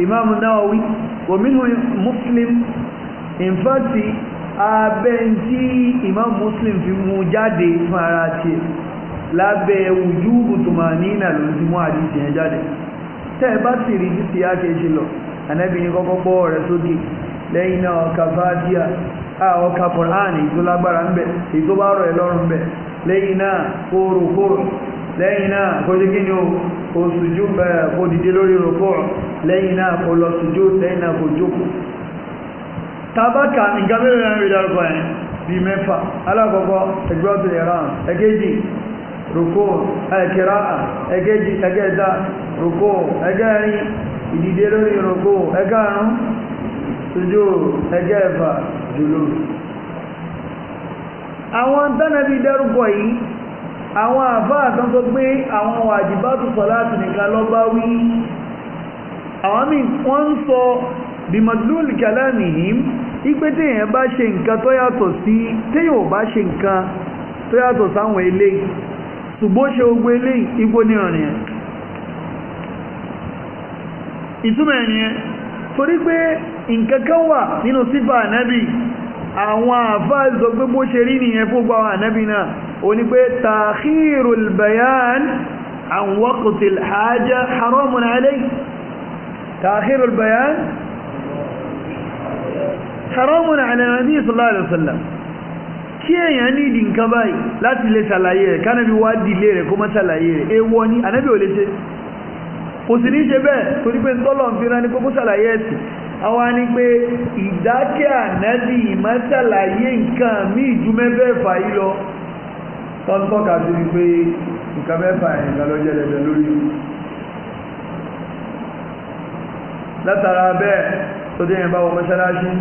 Imam Nawawi wa Muslim in fact abẹ́ntí Imam Muslim fi mú jáde fún ara tiẹ̀ lábẹ́ wujubu tumanina ló ti mú àdìsí yẹn jáde tẹ́ ẹ bá sì rí títí á ṣe ṣe lọ ànábì ní kọ́kọ́ gbọ́ rẹ̀ sókè lẹ́yìn náà ọkà lẹ́yìn náà kó jẹ́ kí ni o kó sùjú kó dìde lórí rògbò lẹ́yìn náà kó lọ sùjú lẹ́yìn náà kó jókòó tabaka nǹkan mẹ́rin náà rí dárúkọ yẹn bí mẹ́fà alákọ̀ọ́kọ́ ẹgbẹ́ ọ̀tún ìran ẹgẹ́jì rògbò ẹ̀kẹ́ra ẹgẹ́jì ẹgẹ́ta àwọn tánàbí dárúkọ yìí àwọn àfáà kan àwọn wàjìbátù sọ̀láàtì nìkan lọ́gbá wí àwọn míì wọ́n ń sọ bimadul kalamihim téèyàn bá ṣe nǹkan tó yàtọ̀ sí téèyàn ò bá ṣe nǹkan tó yàtọ̀ sáwọn ṣùgbọ́n ṣe gbogbo ilé igbó ní ọ̀rìn ẹ̀ ẹ̀ nìyẹn torí pé nǹkan kan wà nínú sífà àwọn àfáà sọ pé bó ṣe rí nìyẹn fún gbọ́ ànábì náà ó ní pé takhirul bayan an waqtil haja haramun alayhi takhirul bayan haramun ala nabi sallallahu alaihi wasallam kí èèyàn ní ìdí nǹkan báyìí láti lè ṣàlàyé rẹ̀ kánábí wá dìlé rẹ̀ kó má ṣàlàyé rẹ̀ èèwọ̀ ni ànábì ò lè ṣe kò sì ní ṣe bẹ́ẹ̀ torí ń tọ́lọ̀ ń fi rán ní kókó ṣàlàyé ẹ̀sìn àwọn á ní pé ìdákẹ́ ànádì ìmọ̀sálàyé nǹkan míì ju mẹ́fẹ̀ẹ̀fà yìí lọ tọ́ntọ́ka sí ni pé nǹkan mẹ́fà ẹ̀ǹkan ló jẹ́ lórí látara bẹ́ẹ̀ tó dé yẹn bá wọ mọ́sálásí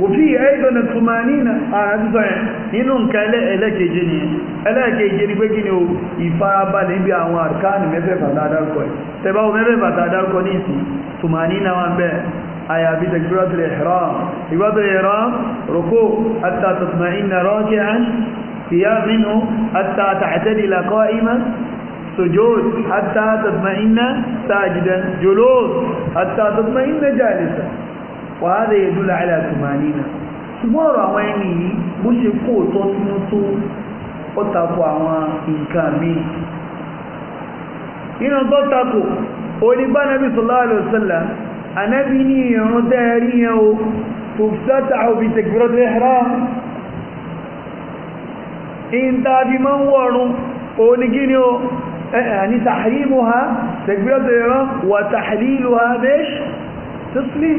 وفي أيضا الثمانين أعزب آه، إنهم الى ألا كجني ألا كجني بقيني وإفا بالي بأوان أركان مبى بدار كوي تباو مبى بدار كوي نسي طمأنينة وان بع أيها في تكبيرة الإحرام إبادة الإحرام ركوع حتى تطمئن راكعا قيام منه حتى تعتدل قائما سجود حتى تطمئن ساجدا جلوس حتى تطمئن جالسا wàhálà yẹdúlà àìlà tùmánínà ṣùgbọ́n ọ̀rọ̀ àwọn ẹni yìí bó ṣe kó òótọ́ tí wọ́n tó ó tako àwọn nǹkan míì nínú tó tako onígbà nàbì sallallahu alaihi wasallam ànábì ní ìrún dẹ́ẹ̀rí yẹn o tòbítàtà òbí takbiratul ihram ìntàbí máa ń wọ̀run onígíní o يعني تحريمها تكبيرة الإحرام وتحليلها باش تسليم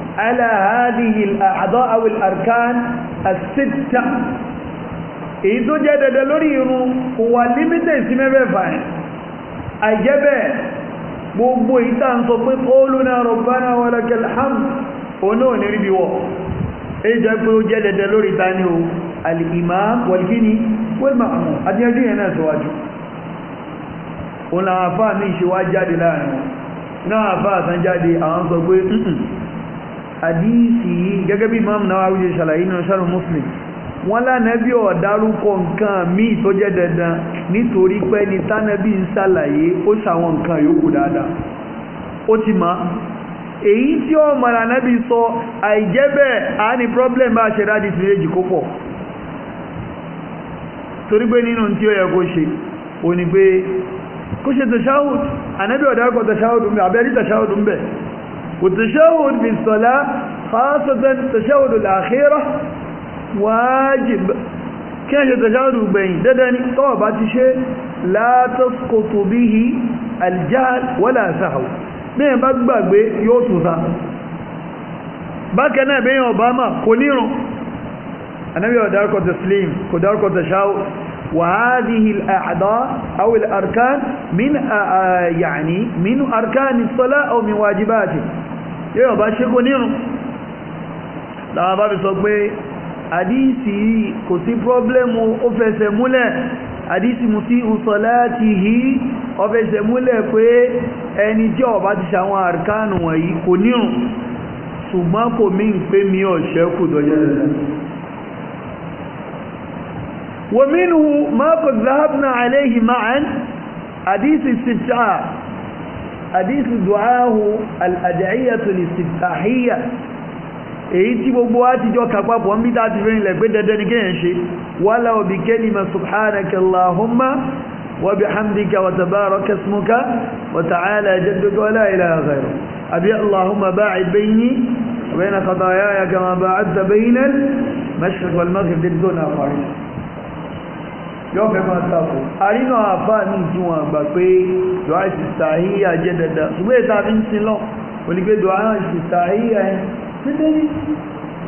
على هذه الأعضاء أو الأركان الستة èyí tó jẹ́ dandan lórí irun kò wà límítẹ̀ sí mẹ́fẹ̀ẹ̀fà ẹ̀ àìjẹ́bẹ̀ gbogbo èyí tàà ń sọ pé quluna rabbana wa lakal hamd oní òní rí bí wọ́ èyí jẹ́ pé ó jẹ́ dandan lórí ta ní o al-imam wal-kini wal-ma'mum àti ẹjú yẹn náà síwájú òun làwọn afáà ní ìṣèwá jáde láàrin náà afáà san jáde àwọn sọ pé àdíìsì yìí gẹ́gẹ́ bí imam Nawawi ṣe ṣàlàyé náà ṣàrùn muslim wọ́n lánàbí ọ̀dárúkọ nǹkan míì tó jẹ́ dandan nítorí pé ní tánàbí ń ṣàlàyé ó ṣàwọn nǹkan yòókù dáadáa ó ti máa èyí tí ó mọ̀ràn nábì sọ àìjẹ́ bẹ́ẹ̀ a ní problem bá ṣe dájú ti méjì kó pọ̀ torí pé nínú tí ó yẹ kó ṣe ò ní pé kó ṣe tashahud ànábì والتشهد في الصلاة خاصة التشهد الأخيرة واجب كيف تشهد بين ددني طبعا بعد شيء لا تسقط به الجهل ولا سهو بين باك باك يوسف يوسوسا باك أنا بين أوباما كونيرو أنا بيو داركو تسليم كداركو تشهد وهذه الأعضاء أو الأركان من آه، آه، يعني من أركان الصلاة أو من واجباته yóò bá ṣe kò nírun láwọn bá fi sọ pé àdíìsì kò sí pọ́blẹ́mù ó fẹsẹ̀ múlẹ̀ àdíìsì mú sí usolatihi ó fẹsẹ̀ múlẹ̀ pé ẹni tí ó bá ti ṣàwọn àrkánù wọ̀nyí kò nírun ṣùgbọ́n kò mí ń pé mi ọ̀ṣẹ́ kù dọ́jọ́ ما قد ذهبنا عليه معا حديث الستة حديث دعاه الأدعية الاستفتاحية إيتي بوبواتي جو كاكواب وامبيتا تفرين لبدا دنكينشي ولا بكلمة سبحانك اللهم وبحمدك وتبارك اسمك وتعالى جدك ولا إله غيره أبي اللهم باعد بيني وبين خطاياي كما باعدت بين المشرق والمغرب دون أخرين yóò fẹ́ máa tako àrínà àfáà ní ìjúwọ̀n àgbà pé dùá ìsìtàhíyà jẹ́ dandan ṣùgbọ́n ìta fi ń sin lọ onígbé dùá ìsìtàhíyà ẹ̀ nítorí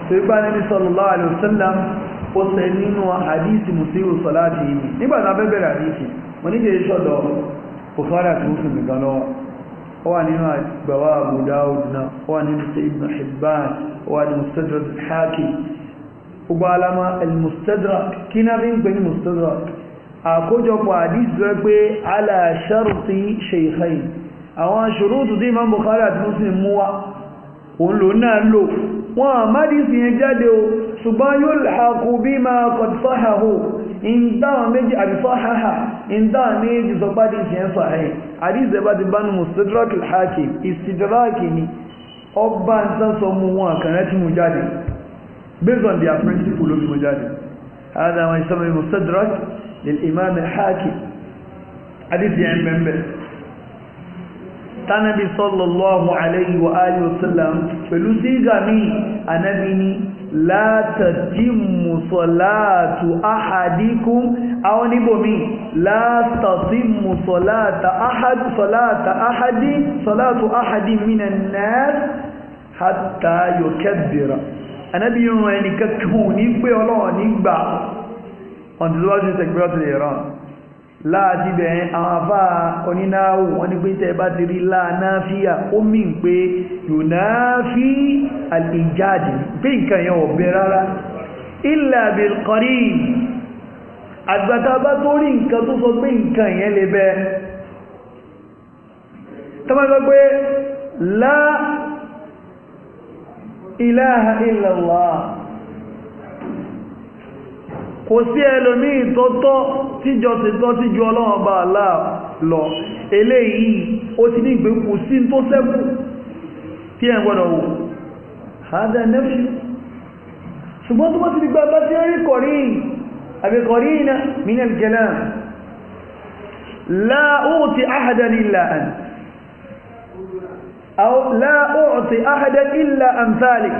tó ipá níbi sallallahu alaihi wasallam ó sẹ nínú àdíìsì mùsíwò sọláàtì yìí nígbà tá fẹ́ bẹ̀rẹ̀ àdíìsì mo ní kìí sọ̀dọ̀ bukhari àti muslim gbogbo alama al-mustadrak kí náà fi ń pè ní mustadrak àkójọpọ̀ àdíjù ẹ pé ala sharti shaykhayn àwọn ṣòrótù tí imam bukhari àti muslim mú wá òun lò náà lò wọn àmádìsì yẹn jáde o ṣùgbọ́n yóò làákù bí ma kọ̀tífáhàhù ìndáwọn méjì àbífáhàhà ìndáwọn méjì sọpádìsì yẹn sàáyẹ̀ àdíjù ẹbá ti based on their principle of هذا ما يسمى المستدرك للإمام الحاكم حديث يعني من به تنبي صلى الله عليه وآله وسلم فلسيق مي بني لا تتم صلاة أحدكم أو نبو مي لا تتم صلاة أحد صلاة أحد صلاة أحد من الناس حتى يكبر ànábì irun ẹnìkan kù ní pé ọlọ́run nígbà ọ̀nà tó bá ti sẹ̀gbẹ́ ọ̀tún lè rán láti bẹ̀rẹ̀ àwọn afá onínáwó wọn ni pé tẹ́ bá ti rí láàáfíà ó mì ń pé yùnáfí àlìjáàdì pé nǹkan yẹn ò bẹ ilaha illallah kò sí ẹlòmíì tọ́tọ́ tíjọ ti tọ́ tíjú ọlọ́run bá aláà lọ eléyìí ó ti ní ìgbé kò sí tó sẹ́kù tí ẹ̀ gbọ́dọ̀ wò hádà nẹ́fì ṣùgbọ́n tó bá ti gbà bá tí ó rí kọ̀rí àbí kọ̀rí mínẹ̀ أو لا أعطي أحدا إلا أمثالك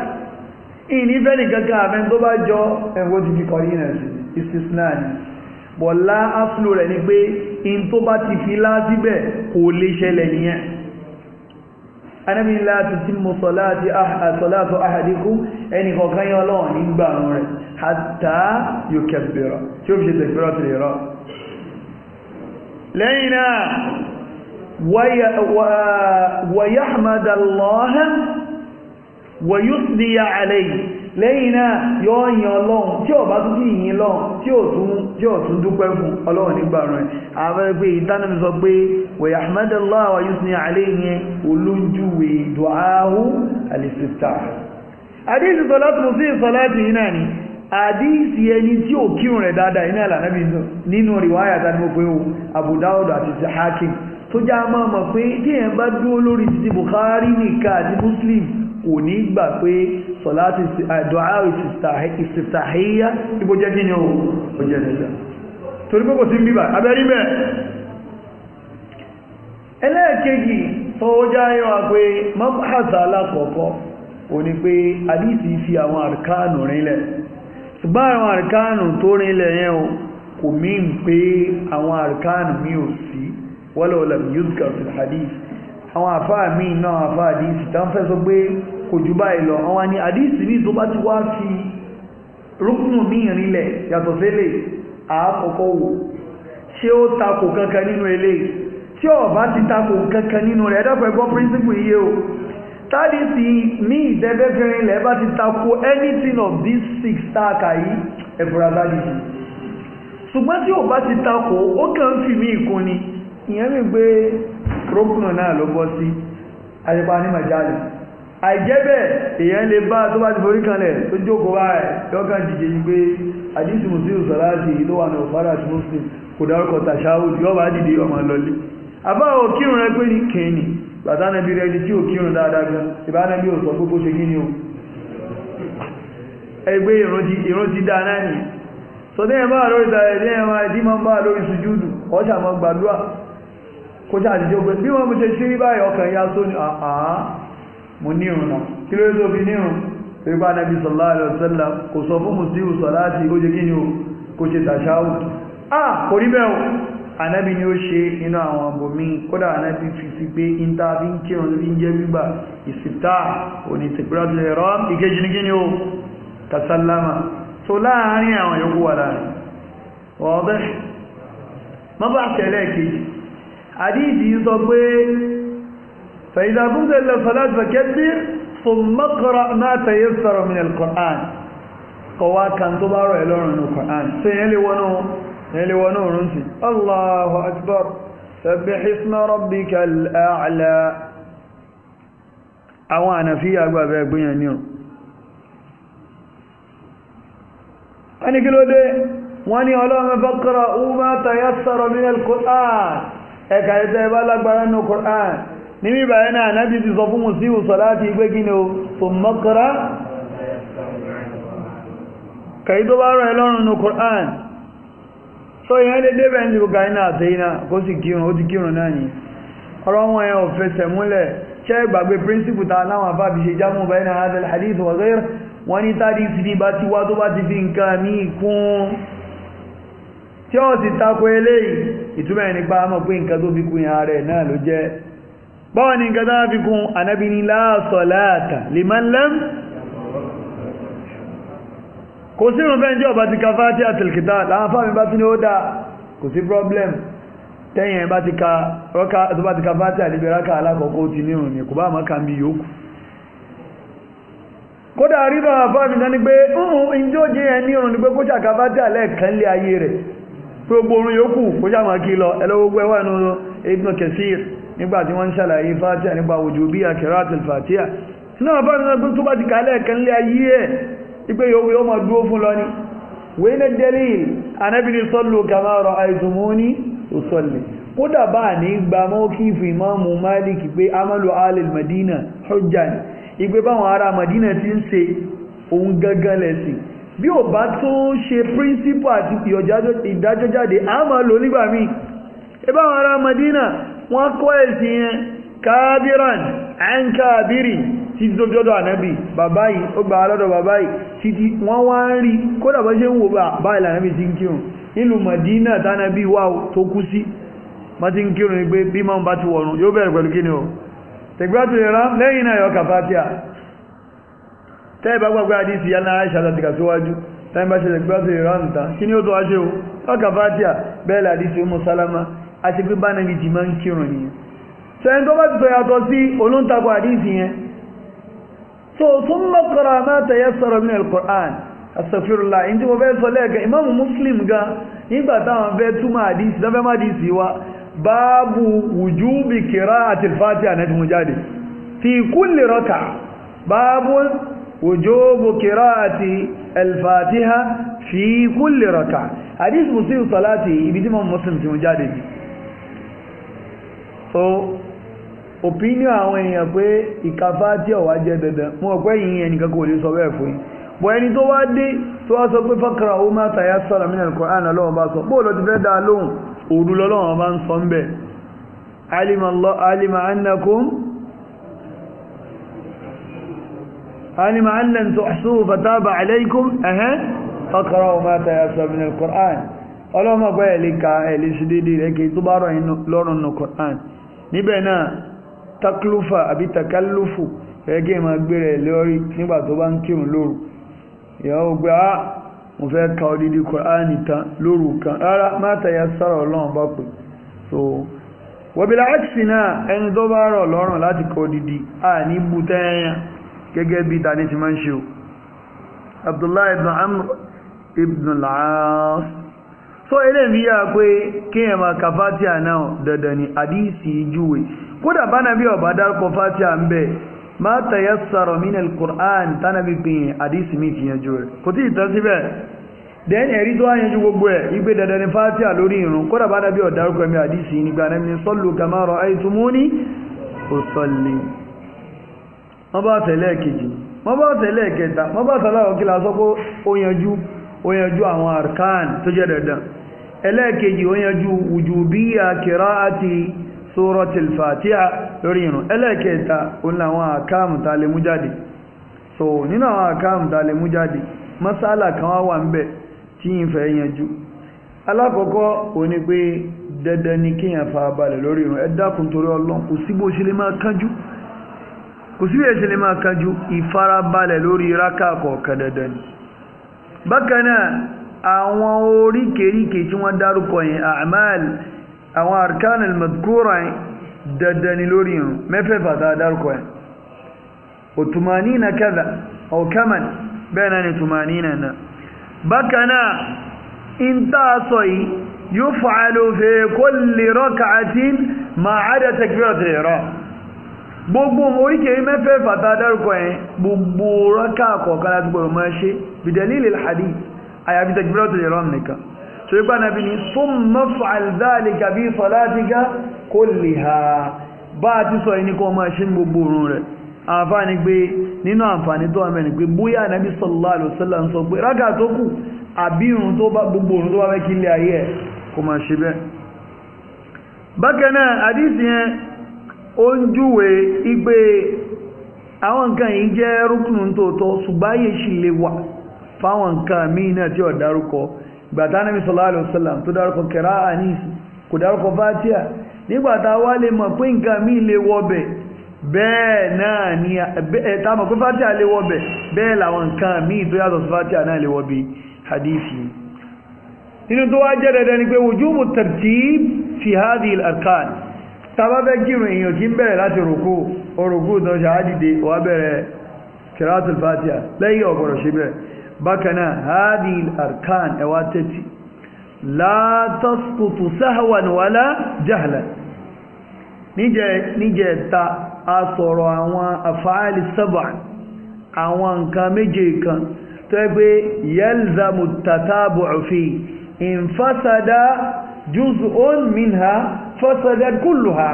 إني ذلك كامن دوبا جو إن وجهي قرينة استثناء wọ̀lá áfúlò rẹ̀ ní pé in tó bá ti fi láàzíbẹ̀ kò lè ṣẹlẹ̀ nìyẹn anábìnlá ti tí mo sọ̀láti àṣọ́láàtọ̀ àhàdíkú ẹni kọ̀kan yọ lọ́wọ́ nígbà rẹ̀ ويحمد الله ويثني عليه lẹ́yìn náà yóò yin ọlọ́run tí ó bá tún sí ìyìn lọ́run tí ó tún tí ó tún dúpẹ́ fún ọlọ́run nígbà rẹ̀ àwọn pé ìtànàmì sọ pé wẹ̀yà ahmadallah wa yusni alayhi olójúwe duahu alisifta àdíìsì sọláàtì mo sí ìsọláàtì iná ni àdíìsì ẹni tí ò kírun rẹ̀ dáadáa iná ìlànà nínú rìwáyà tani mo pé o Abu Dawud àti Hakim tó já máa mọ̀ pé téèyàn bá dúró lórí títí Bukhari nìkan àti Muslim kò ní gbà pé sọláàtì àdúà ìsìtàhíyá ibò jẹ́ kíni o ó jẹ́ torí pé kò sí bíbà abẹ́rí bẹ́ẹ̀ ẹlẹ́ẹ̀kejì tó já yọ wa pé mọ́bàtà alákọ̀ọ́kọ́ ò ní pé àdìsí fi àwọn àrkánù rinlẹ̀ ṣùgbọ́n àwọn àrkánù tó rinlẹ̀ yẹn kò mí pé àwọn àrkánù mi ò walau lam yuzkar fil hadith àwọn àfáà míì náà àfáà àdíìsì tán fẹ́ sọ pé kò jù báyìí lọ àwọn ni àdíìsì míì tó bá ti wá fi rúkùnù míì rinlẹ̀ yàtọ̀ sílẹ̀ àákọ́kọ́ wò ṣé ó takò kankan nínú eléyìí tí ó bá ti takò kankan nínú rẹ̀ ẹ̀dọ́fẹ́ gbọ́ principle yìí anything of these six táàkà yìí ẹ̀fọ́ra tádìsì ṣùgbọ́n tí ó bá ti takò ó kàn ń fi ìyẹn lè gbé rókùnà náà lọ bọ́ sí àyípa ní màjálì àìjẹ́ bẹ́ẹ̀ èyàn lè bá tó bá ti forí kanlẹ̀ tó jókòó wá lọ́kàn jìjì yìí pé àdísì mùsùlùmí sọ̀láàtì ló wà ní ọ̀fárà àti mùsùlùmí kò dárúkọ tàṣáwò tí ọba dìde ọmọ lọlé àbá òkírun rẹ pé ní kẹ́ni bàtánàbí rẹ tí òkírun dáadáa gan ò sọ pé ṣe kí ni o ìrún ti náà kó jáde jó pé bí wọ́n mú ṣe sí báyìí ọkàn ya só ah, ah, ní àá mo nírun náà kí ló tó fi nírun torí bá nàbí sallallahu alaihi wasallam kò sọ fún mùsíù ah, pé níta fi ń kírun láàárín àwọn yòókù wà láàárín ọ̀ọ́bẹ̀ mọ́bà tẹ̀lé kejì àdíjì sọ pé fàìdàbùn tẹ́lẹ̀ fàlásà kẹ́bí fòmọ́kọ̀rọ̀ máa tẹ̀yẹ sọ̀rọ̀ min al-Qur'an kọwa kan tó bá rọ̀ ẹlọ́rùn ní Qur'an tí yẹn lè wọnú òrùn sí Allahu akbar sabbih isma rabbikal a'la àwọn ànàfíyà agbábẹ́ gbìyàn ní ọ̀rùn wọ́n ni kí ló dé wọ́n ni ọlọ́run faqra'u ma ẹ̀ka ẹ̀tẹ́ ẹbá lágbára ní Qur'an níbi ìbàyẹ̀ náà nábi ti sọ fún musiu sọ láti igbé gíní o tó mọ́kàrá kàí tó bá rọ̀ ẹlọ́run ní Qur'an sọ ìyẹn lè débẹ̀ ní bùkà iná àtẹ́yìnà kó sì kírun ó ti kírun náà tí ó sì tako eléyìí ìtumọ̀ ẹni pa mọ̀ pé nǹkan tó fi kún ìhà rẹ̀ náà ló jẹ́ báwọn ni nǹkan tó fi kún ànábì ní la salata liman lam kò sí ìrùn fẹ́ǹjẹ́ ọba ti ka fátíà tìlkìtà láwọn fáwọn mi bá tún ní ó dáa kò sí problem tẹ́yìn ẹ̀ bá ti ka rọ́ka tó ráka alákọ̀ọ́kọ́ ti nírùn ni kò bá má ka mi yòókù kódà rí bá mi náà ni pé ń ń ìjọ́jẹ́ ẹ̀ nírùn ni pé kó ṣàkà fátíà lẹ́ẹ̀kan lé ayé rẹ̀ pé gbogbo orin yóò kù kó sàmà kí lọ ẹlọ́gbogbo ẹwà inú Ibn Kathir nígbà tí wọ́n ń ṣàlàyé fatiha nípa wujubiya qira'atul fatiha sínú àwọn fáwọn ẹgbẹ́ tó bá ti kálẹ̀ kan lé ayé ẹ̀ ipé yóò yóò máa dúró fún lọ ní ní dẹ́lì anábìrì sallu kama ra'aytumuni usalli kódà bá ní gba mọ́kífì imamu malik pé amalu alil madina hujja ipé báwọn ará madina ti ń ṣe òun gangan lẹ́sìn bí o bá tún ṣe príncipù àti ìdájọ́ jáde a máa lò nígbà Madina wọ́n kọ́ ẹ̀sìn yẹn kábíràn ẹnkàbírì tí tó jọ́dọ̀ ànábì bàbá yìí ó gbà lọ́dọ̀ bàbá yìí títí wọ́n wá ń rí kódà bá ṣe ń wo Madina wà tó kú sí má ti ń kírun pé bí máa ń bá ti yóò bẹ̀rẹ̀ pẹ̀lú kí ni tẹ́ẹ̀ bá gbàgbé yá náà Aisha àti kàṣíwájú tẹ́ẹ̀ bá ṣẹlẹ̀ gbígbà sí kí ni ó tó wá ṣe o ọkà fatia bẹ́ẹ̀ làdìsí ọmọ sálámà àti pé bá nàbì jì máa ń kírun nìyẹn sẹ́yìn tó bá ti sọ yàtọ̀ sí olóńtakọ̀ àdìsí yẹn so tún mọ́kànlá máa tẹ̀yẹ sọ̀rọ̀ nínú al asafirula ìdí mo fẹ́ sọ lẹ́ẹ̀kan ìmáàmù Muslim gan nígbà táwọn fẹ́ túmọ̀ àdìsí lọ́fẹ́ má dìsí wa báàbù wùjúbì kìrá àti fatiha náà jáde fi kulli báàbù وجوب قراءة الفاتحة في كل ركعة حديث مصير صلاتي بيتم مسلم في مجادي so opinion àwọn èèyàn pé ìkàfà tí ọ̀wá jẹ́ dandan mú ọ̀pẹ́ yìí ẹnìkan kò lè sọ bẹ́ẹ̀ fún yìí bọ̀ ẹni tó wá dé tó wá sọ pé fọ́kàrà ó máa tàyà sọ́rọ̀ mínà Al-Qur'an lọ́wọ́n bá sọ bóòlọ́ ti fẹ́ dáa lóhùn òru lọ́lọ́wọ́n bá ń sọ ń bẹ̀ annakum علم أن لن تحصوه فتاب عليكم أها فقرأوا ما تيسر من القرآن ọlọ́mọ pé ẹ̀lẹ́ka ẹ̀lẹ́sí dédé rẹ̀ kí tó bá rọ̀ lọ́rùn nù Qur'an níbẹ̀ náà taklufa àbí takallufu ẹgẹ́ ma gbére lórí nígbà tó bá ń kírun lóru ìyàwó gbé a ah, mo fẹ́ ka odidi Qur'an tán lóru kan rárá má tẹ̀yà sára ọlọ́run bá pè so wọ́bìlá àkìsì náà ẹni tó bá rọ̀ lọ́rùn láti ka odidi a ní bú tẹ́yàn gẹ́gẹ́ bí dání ti máa ń ṣe o abdullahi ibn amr ibn al so ilé ń yára pé kíyàn máa ka fatia náà dandan ni àdíìsì ìjúwe kódà bá nàbí ọ̀bá dárúkọ fatia ń bẹ̀ máa tẹ̀yẹ́ sọ̀rọ̀ mí nílùú tánàbí pin àdíìsì mi ti yanjú rẹ̀ kò tí ì tán síbẹ̀ then ẹ̀rí tó wáyanjú gbogbo ẹ̀ ìgbé dandan ni fatia lórí irun kódà bá nàbí ọ̀dárúkọ mi àdíìsì nígbà náà ni sọ́lù kàmárọ̀ wọ́n bá tẹ̀lé ẹ̀kejì wọ́n bá tẹ̀lé ẹ̀kẹta wọ́n bá tẹ̀lé ọ̀kí la sọ pé ó yanjú ó yanjú àwọn arkan tó jẹ́ dandan ẹlẹ́ẹ̀kejì ó yanjú wùjúbíyà kìráàtì suratul fatiha lórí ìrun ẹlẹ́ẹ̀kẹta òun làwọn àkáàmù ta jáde so nínú àwọn àkáàmù ta lè masala kan wá wà ń bẹ̀ tí ń fẹ́ yanjú alákọ̀ọ́kọ́ òun ni pé dandan ni kíyàn fa balẹ̀ lórí ìrun ẹ dákun torí ọlọ́run kò síbò ṣe máa kánjú kò sí èsì lè máa kanjú ìfarabalẹ̀ lórí rákà kọ̀ọ̀kan dandan ni bákan náà àwọn oríkèríkè tí wọ́n dárúkọ yìí àmàl àwọn arkan al-madkura dandan ni lórí irun mẹ́fẹ̀ẹ́fà tá a dárúkọ yìí òtùmánínà kẹ́dà ọ̀kẹ́màn bẹ́ẹ̀ náà ni tùmánínà náà bákan in tá a sọ yìí yóò fa'alu fi kulli rak'atin ma 'ada takbiratul ihram gbogbo oríkèrí ike tá a dárúkọ yẹn gbogbo rákà kọ̀ọ̀kan láti gbọ́dọ̀ máa ṣe bìdẹ̀lílì hadi àyàfi tẹ̀gbẹ́rẹ́ tó lè nìkan so ipa nàbí ni summa fa'al bi salatika kulliha bá a ti sọ yìí ní máa ṣe gbogbo rẹ̀ àǹfààní nínú àǹfààní tó àmẹ́ni pé bóyá nàbí gbogbo ó ń júwe igbe àwọn nǹkan yìí jẹ́ rúkùnù tòótọ́ ṣùgbáyé sì lè wà fáwọn nǹkan míì náà tí ó dárúkọ gbàtà Ànábì sallallahu alaihi wasallam tó dárúkọ kẹrà àníìs kò dárúkọ fatia nígbàtà wá lè mọ̀ pé nǹkan míì lè wọbẹ̀ bẹ́ẹ̀ náà ni ẹ̀ta mọ̀ pé fatia lè wọbẹ̀ bẹ́ẹ̀ làwọn nǹkan míì tó yàtọ̀ sí fatia náà lè wọbi hadithi nínú tó wá jẹ́ dandan ni pé wujubu tartib fi hadhihi al tàbá fẹ́ kírun èèyàn kí ń bẹ̀rẹ̀ láti rùkú orùkú tó ṣe àádìde wà bẹ̀rẹ̀ kìrátùl fatiha lẹ́yìn ọ̀pọ̀rọ̀ ṣe bẹ̀rẹ̀ bákanáà hadi arkan ẹwà tẹ́tì la tasqutu sahwan wala jahlan níjẹ̀ ta a sọ̀rọ̀ àwọn afáàlì sábà àwọn nǹkan méje kan tó ẹgbẹ́ yalzamu tatabu'u fi infasada juz'un minha fasadat kulluha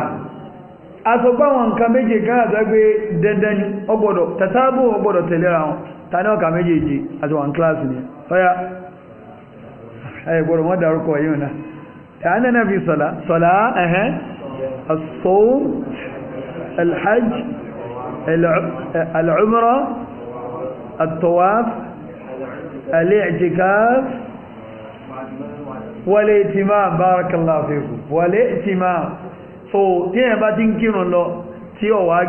àsọ̀gbọ́ àwọn nǹkan méje kan àtàgbé dandan ni ọgbọ̀dọ̀ tàtàbù ọgbọ̀dọ̀ tẹ̀lera wọn tàní ọkà méjèèjì àti wọn kíláàsì ni ọya ẹgbọ̀dọ̀ wọ́n darúkọ yíò náà tàní náà fi sọ̀lá sọ̀lá ẹ̀hẹ́ as-sawm al-hajj al-umra at-tawaf al-i'tikaf wal-i'timam barakallahu fikum wal so tí ẹ̀ bá ti ń tí wá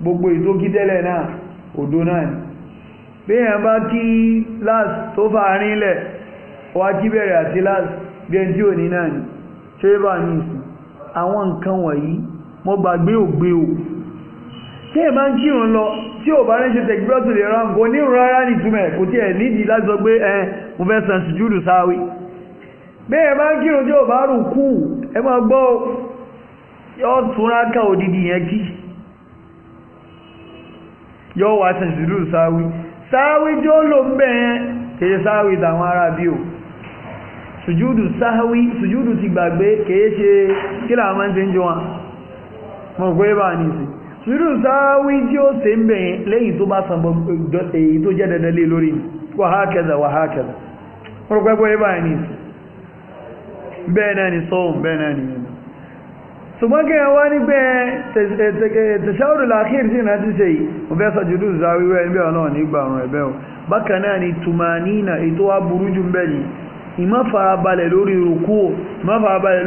gbogbo ìtókítẹ́lẹ̀ náà òdo náà ni bí ẹ̀ bá kí tó lẹ̀ wá kí bẹ̀rẹ̀ àti bí ẹni tí ò ní náà ni ṣé ní ìsìn àwọn nǹkan wọ̀nyí mo gbàgbé ògbé o tí bá ń kírun lọ tí ò bá ṣe tẹ̀gbẹ́ bẹ́ẹ̀ máa ń kírun tí ò bá rùn kú ẹ máa gbọ́ yọ́ túnra ká òdìdí yẹn kí yọ́ wà sẹ̀sìlú sáwí sáwí tí ó lò ń sáwí tàwọn ará bí o sùjúdù sáwí sùjúdù ti gbàgbé ṣe kí làwọn máa ń ṣe ń jọ wọn bá sùjúdù sáwí tí ó ṣe ń lẹ́yìn tó bá èyí tó jẹ́ dandan lé lórí bá bẹ́ẹ̀ náà ni sọ́hùn bẹ́ẹ̀ náà ni ẹnu ṣùgbọ́n kí wọ́n ní pé tẹ̀ṣẹ́wòrò láàkíyèr sí náà ti ṣe yìí mo fẹ́ sọ jùlọ ìzáwíwẹ́ ẹgbẹ́ ọlọ́run nígbà ọ̀run ẹ̀bẹ́ o bákan náà ni tùmánínà ètò wa burú jù bẹ́ẹ̀ ni ìmá farabalẹ̀ lórí rùkú ìmá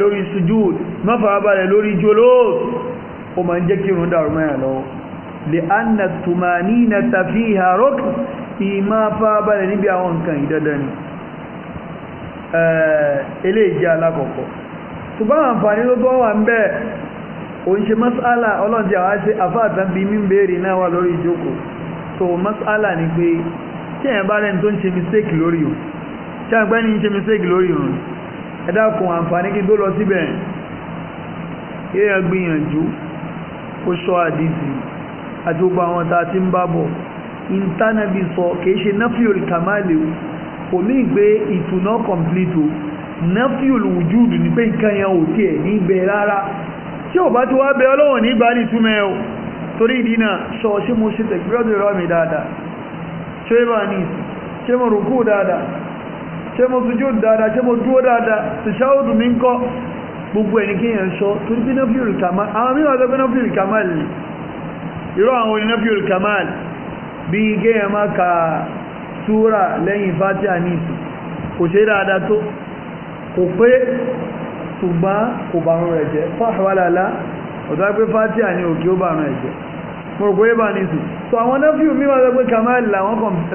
lórí sujúd ìmá lórí jòló Eh, eléyìí jẹ́ alákọ̀ọ́kọ́ ṣùgbọ́n àǹfààní tó tọ́ wà ń bẹ́ẹ̀ òǹṣe mas'ala àwọn àfáàtàn bíi so mas'ala ni pé tí èèyàn bá rẹni tó ń ṣe mistake lórí o tí àgbẹ́ lọ síbẹ̀ gbìyànjú kó a kò ní ìgbé ìtùnà complete o nafiul wujud ní pé nǹkan yẹn ò tiẹ̀ ní bẹ rárá tí ò bá ti wá bẹ ọlọ́wọ̀n ní ìgbà ní ìtumẹ̀ o torí ìdí náà sọ ṣé mo ṣe tẹ̀gbẹ́rọ́dì rọ mi dáadáa ṣé bá ní ṣé mo rùkú dáadáa ṣé mo sojú dáadáa ṣé mo dúró dáadáa ṣìṣàwùdù mi ń kọ́ gbogbo ẹni kí yẹn sọ torí pé nafiul kamal àwọn mìíràn sọ pé nafiul kamal ka súrà lẹ́yìn fatiha ní ìsìn kò ṣe dáadáa tó kò pé ṣùgbọ́n kò bàrún rẹ̀ jẹ́ fáwàlálá ọ̀tọ́ pé fatiha ní òkè ó bàrún rẹ̀ jẹ́ mọ̀rọ̀kọ́ yẹ́ bá ní ìsìn so àwọn náfíù mi wọ́n pé kamal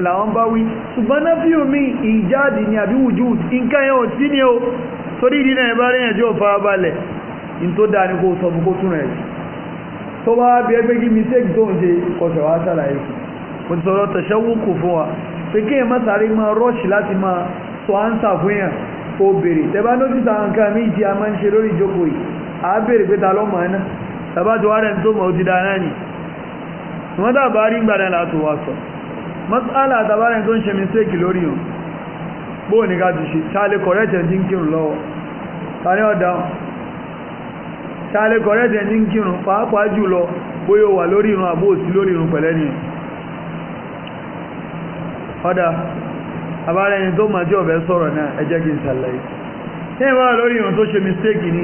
làwọn bá wí ṣùgbọ́n náfíù mi ìjáde ni àbí wùjú nǹkan yẹn ò sí ni o torí ìdí náà ẹ bá rí ẹjọ́ farabalẹ̀ in tó dáa ní kó sọ fún bí ẹgbẹ́ mistake tó ń ṣe kọsẹ̀ wá ṣàlàyé mo ti sọ̀rọ̀ tẹ̀ṣẹ́wó fún wa pé kéèyàn má sáré máa rọ́ọ̀ṣì láti máa sọ áńsà fún yàn ó béèrè tẹ́bá nọ́tìsì àwọn nǹkan míì tí a máa ń ṣe lórí ìjókòó yìí à á béèrè pé ta ló mọ̀ ẹ́ náà tàbá tó wá rẹ̀ tó mọ̀ ó ti da náà nì wọ́n dàbá rí gbàdá láti wá sọ mọ́sálà tàbá rẹ̀ tó ń ṣe mistake lórí o bóò ní ká ti ṣe ṣáàlẹ̀ kọ̀rẹ́tẹ̀ ti ń kírun lọ́wọ́ ta ni ọ̀dà ṣáàlẹ̀ kọ̀rẹ́tẹ̀ ti ń kírun pàápàá jùlọ bóyá wà lórí irun àbóòsí lórí irun pẹ̀lẹ́ nìyẹn ọ̀dà abára ẹni tó máa jẹ́ ọ̀bẹ sọ̀rọ̀ náà ẹ jẹ́ kí n ṣàlàyé tí ìwà lórí ìrùn tó ṣe mistake ní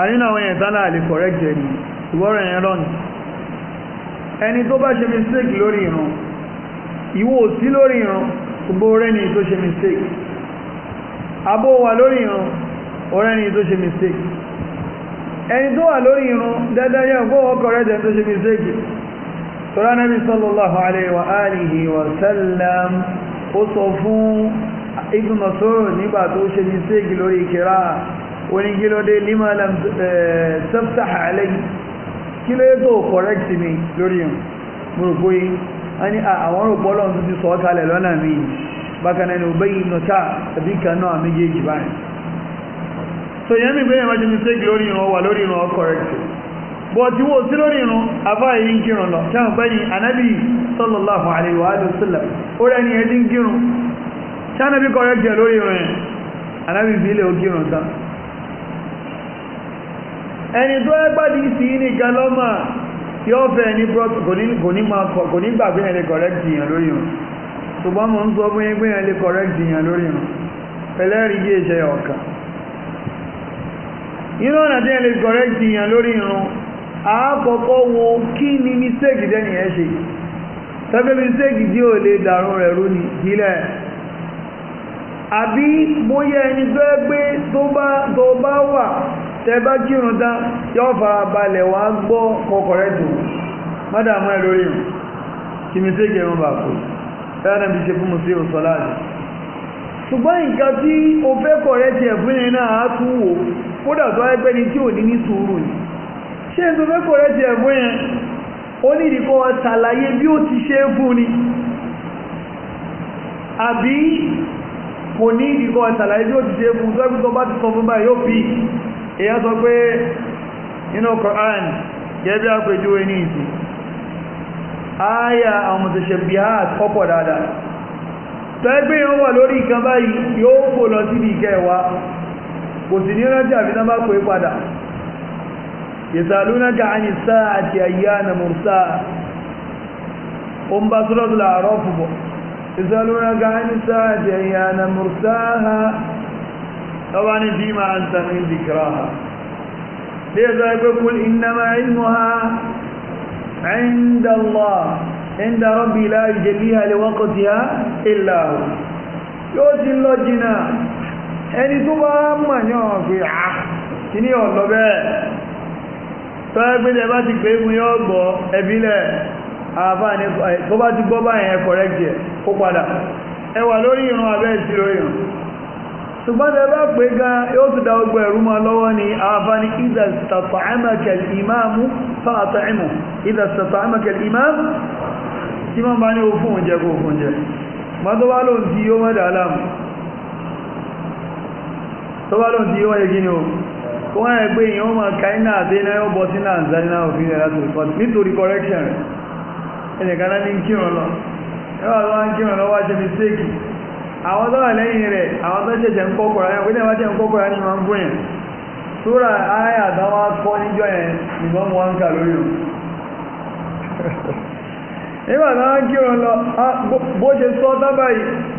àrínà àwọn èèyàn tánà àlè correct ẹni ìwọ́rọ̀ ẹ̀yẹn lọ́nà ẹni tó bá ṣe mistake lórí ìrùn ìwọ ò sí lórí ìrùn gbogbo ọ̀rẹ́ni tó ṣe mistake abó wà lórí ìrùn ọ̀rẹ́ni tó ṣe mistake ẹni tó wà lórí ìrùn dáadáa yẹn kó ọkọ̀ rẹ̀ tẹ̀ tó ṣe tọ́lá náà sallallahu alayhi wa alihi wa sallam ó sọ fún ibn Mas'ud nígbà tó ṣe ní séèkì lórí ìkẹrà onígílódé lima lam eh, taftah alayhi kí ló yẹ tó correct mi lórí yẹn mo rò pé a ní ah, àwọn rò pọ́ lọ́n tó ti sọ ọ́ kalẹ̀ lọ́nà mi bákan náà ni bọ̀tí wo sí lórí irun afáyí ń kírun lọ ṣáà báyìí anábì sallallahu alaihi wa sallam ó rẹ̀ ní ẹdí ń kírun ṣáàbí kọ̀rẹ́ jẹ lórí irun anábì fi ilé ó kírun tán ẹni tó ẹgbàdì sí nìkan lọ́mà yóò fẹ́ ní kò ní gbàgbé ẹ̀lẹ́ kọ̀rẹ́kì yàn lórí irun ṣùgbọ́n mo lórí irun àákọ́kọ́ wo kí ni mistake dẹ́ni ṣe tẹ́gbẹ́ mistake tí ò lè dàrún rẹ̀ rú ni àbí bóyá ẹni tó ẹ tó bá wà tẹ́ bá kírun tán yóò fara balẹ̀ wá gbọ́ kọkọrẹ́ tó ẹ lórí kí mistake fún tí o fẹ́ kọ̀rẹ́ tiẹ̀ fún yẹn náà á wò kódà tó ni tí ò ní ní sùúrù ṣé n tó fẹ́ kọ̀ rẹ̀ ti ẹ̀mú yẹn ó ní ìdíkọ́ ṣàlàyé bí ó ti ṣe é fún ni àbí kò ní ìdíkọ́ ṣàlàyé bí ó ti ṣe fún tó ẹgbẹ́ bá ti sọ fún báyìí yóò fi èyàn sọ pé nínú Quran gẹ́gẹ́ bí àpèjúwe ní ìsìn àyà àwọn mutashabbihat ọ̀pọ̀ dáadáa tẹ́gbé yóò wà lórí ìkan báyìí yóò fò lọ síbi ìkẹwàá kò sì ní rántí àfi náà bá pè padà يسألونك عن الساعة أيان مرساة أم بصرة الأعراف يسألونك عن الساعة أيان مرساها طبعا فيما أنت من ذكراها لذا يقول إنما علمها عند الله عند ربي لا يجليها لوقتها إلا هو يوتي الله جنا ẹni tó bá mọ̀ yàn fi àà kí ní ọ̀lọ́bẹ̀ẹ́ tọ́lẹ́gbẹ́dẹ̀ bá ti pé egun yọ́ gbọ́ ẹ̀bílẹ̀ àbáni tó bá ti gbọ́ báyẹn kọ̀rẹ́kì ẹ̀ kó padà ẹwà lórí ìrun abẹ́ ìsì lórí ṣùgbọ́n tẹ bá pé gan yóò ti da ẹ̀rú lọ́wọ́ ni àbáni ìdàsítàtà ẹ̀mẹ̀kẹ̀lì ìmáàmù fáàtà ẹ̀mù ìdàsítàtà ìmáàmù tí wọ́n bá ní ma tó bá yóò tó bá kó wọ́n yẹ pé èèyàn ó máa ka iná àti iná yóò bọ́ sínú àǹzá iná òfin rẹ̀ láti rìpọ́t nítorí correction rẹ̀ ẹnìkan ní kírun lọ ẹwà tó wá ń ṣe mistake àwọn tó wà lẹ́yìn rẹ̀ àwọn tó ṣẹ̀ṣẹ̀ ń kọ́kọ̀ọ́ yẹn pé níwájú ń ni ń gún yẹn sóra ayà táwọn yẹn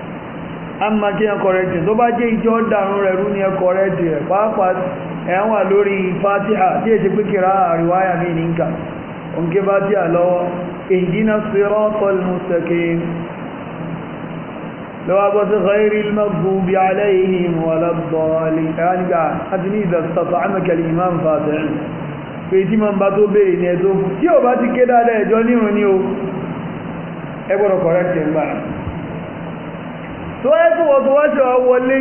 ama kí ẹ kọrẹ́tì tó bá jẹ́ ìjọ dàrún rẹ̀ rú ni ẹ kọrẹ́tì rẹ̀ pàápàá ẹ̀ wà lórí fatiha tí èsì pé kìrá àríwáyà mi nìkan òǹkè fatiha lọ́wọ́ ìdínà siratal mustaqim lọ́wọ́ bọ́ sí ghayril maghdubi alayhim waladdallin ẹ̀yà nígbà àti ní ìdàsọ̀tọ̀ àmàkẹ́lì imam fatiha fèyí ma ń bá tó bèèrè ní ẹ̀tọ́ tí ò bá ti ké dáadáa ẹ̀jọ́ nírun ní o ẹ gbọ́dọ̀ correct ẹ̀ ń gbà tó wáyé wọ́n tó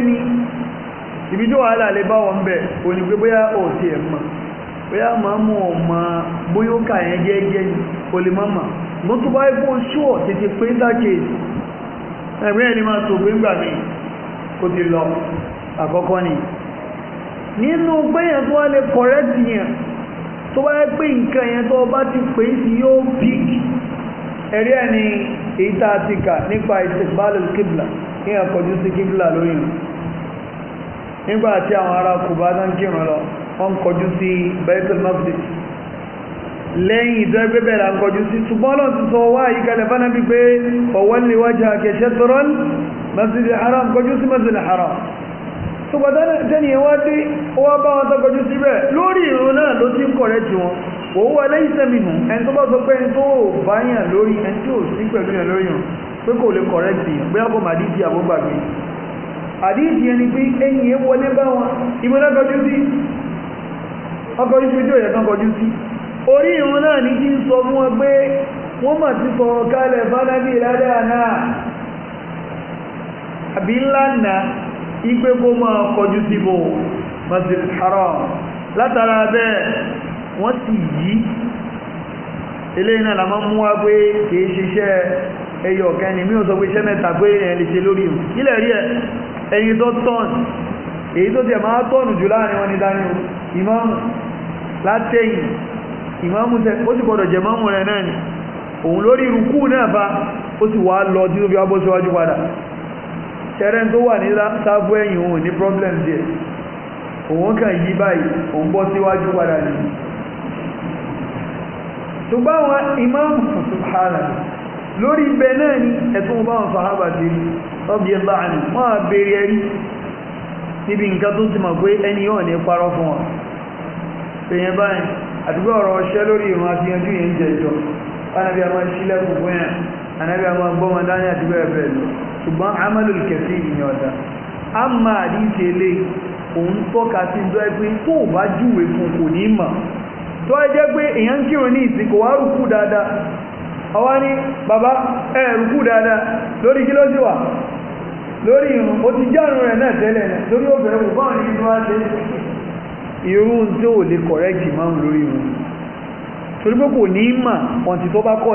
ibi tí ala lè bá wọn bẹ̀ kò bóyá ò tí ẹ̀ mọ̀ bóyá máa mú ọmọ bóyá yẹn gẹ́gẹ́ mọ́ tó bá ṣúọ̀ pé ẹ̀rí ẹni máa tó gbé ńgbà lọ àkọ́kọ́ ni nínú tó wá lè kọ̀rẹ́tì yẹn tó bá yẹ pé nǹkan yẹn tó bá ti ẹ̀rí ẹ̀ ni èyí tá a ti kà nípa ìsìnbálò kíbla ní àkọjú sí kíbla lórí nù nígbà tí àwọn ará kùbá náà ń kírun lọ wọ́n ń kọjú sí Baitul Maqdis lẹ́yìn ìdọ́gbé bẹ̀rẹ̀ àkọjú sí ṣùgbọ́n lọ́n ṣùgbọ́n tẹ́ni wá dé ó wá bá wọn tọ́gọjú síbẹ̀ lórí ìrún náà ló ti ń kọ̀rẹ́ jù wọn ó wà lẹ́yìn sẹ́mìnù ẹni tó bá sọ pé ẹni tó bá yàn lórí ẹni tí ò sí pẹ̀lú yàn lórí yàn pé kò lè kọ̀rẹ́ jù yàn bóyá kò má dídí àbúgbàgbé àdídì ẹni pé ẹ̀yìn ẹ wọlé bá wọn ìmọ̀lẹ́kọjú sí ọkọ̀jú sí ojú ẹ̀yẹ̀ kan kọjú sí orí ìrún náà ní kí ń sọ fún wọn pé wọ́n mà ti sọ̀rọ̀ kalẹ̀ fánábì ládàá náà àbí ńlá náà igbe kó máa kọjú síbò masjid haram látara bẹ́ẹ̀ wọ́n sì yí eléyìí náà làmọ́ mú wá pé kìí ṣiṣẹ́ ẹyọ kẹni mí ò sọ pé iṣẹ́ mẹ́ta pé èèyàn lè ṣe lórí ìrùn nílẹ̀ rí ẹ̀ ẹyin tó tọ́ọ̀nù èyí tó tiẹ̀ máa jù láàrin wọn ni dání o ìmáàmù látẹ̀yìn ìmáàmù tẹ ó sì gbọdọ̀ jẹ máàmù rẹ̀ náà ni òun lórí ìrùkú náà bá ó ṣẹ̀rẹ́ tó wà ní sáfù ẹ̀yìn òun ní problem díẹ̀ òun kàn yí báyìí òun bọ́ síwájú padà ní ṣùgbọ́n àwọn imáàmù subhanahu lórí ibẹ̀ náà ni ẹ̀tún bá wọn sàhábà ti rí ọbí ẹ̀bá àní wọ́n á bèèrè ẹ̀rí níbi nǹkan tó ti mọ̀ pé ẹni yóò ní parọ́ fún wọn èèyàn báyìí àdúgbò ọ̀rọ̀ ọṣẹ́ lórí ìrún àti yẹn a yẹn ànábì àwọn agbọ́mọ dání ṣùgbọ́n a ti òun tọ́ka sí ìjọ pé tó bá júwe fún kò ní tó pé èèyàn ń kírun ní ìsìnkò wá rúkú dáadáa ọwá ní bàbá ẹ rúkú dáadáa lórí kí lórí irun ó ti rẹ̀ náà tẹ́lẹ̀ lórí obìnrin kò wá ṣe irun tí ò lè kọ̀rẹ́kì máa ń lórí irun torí ní mà tó bá kọ̀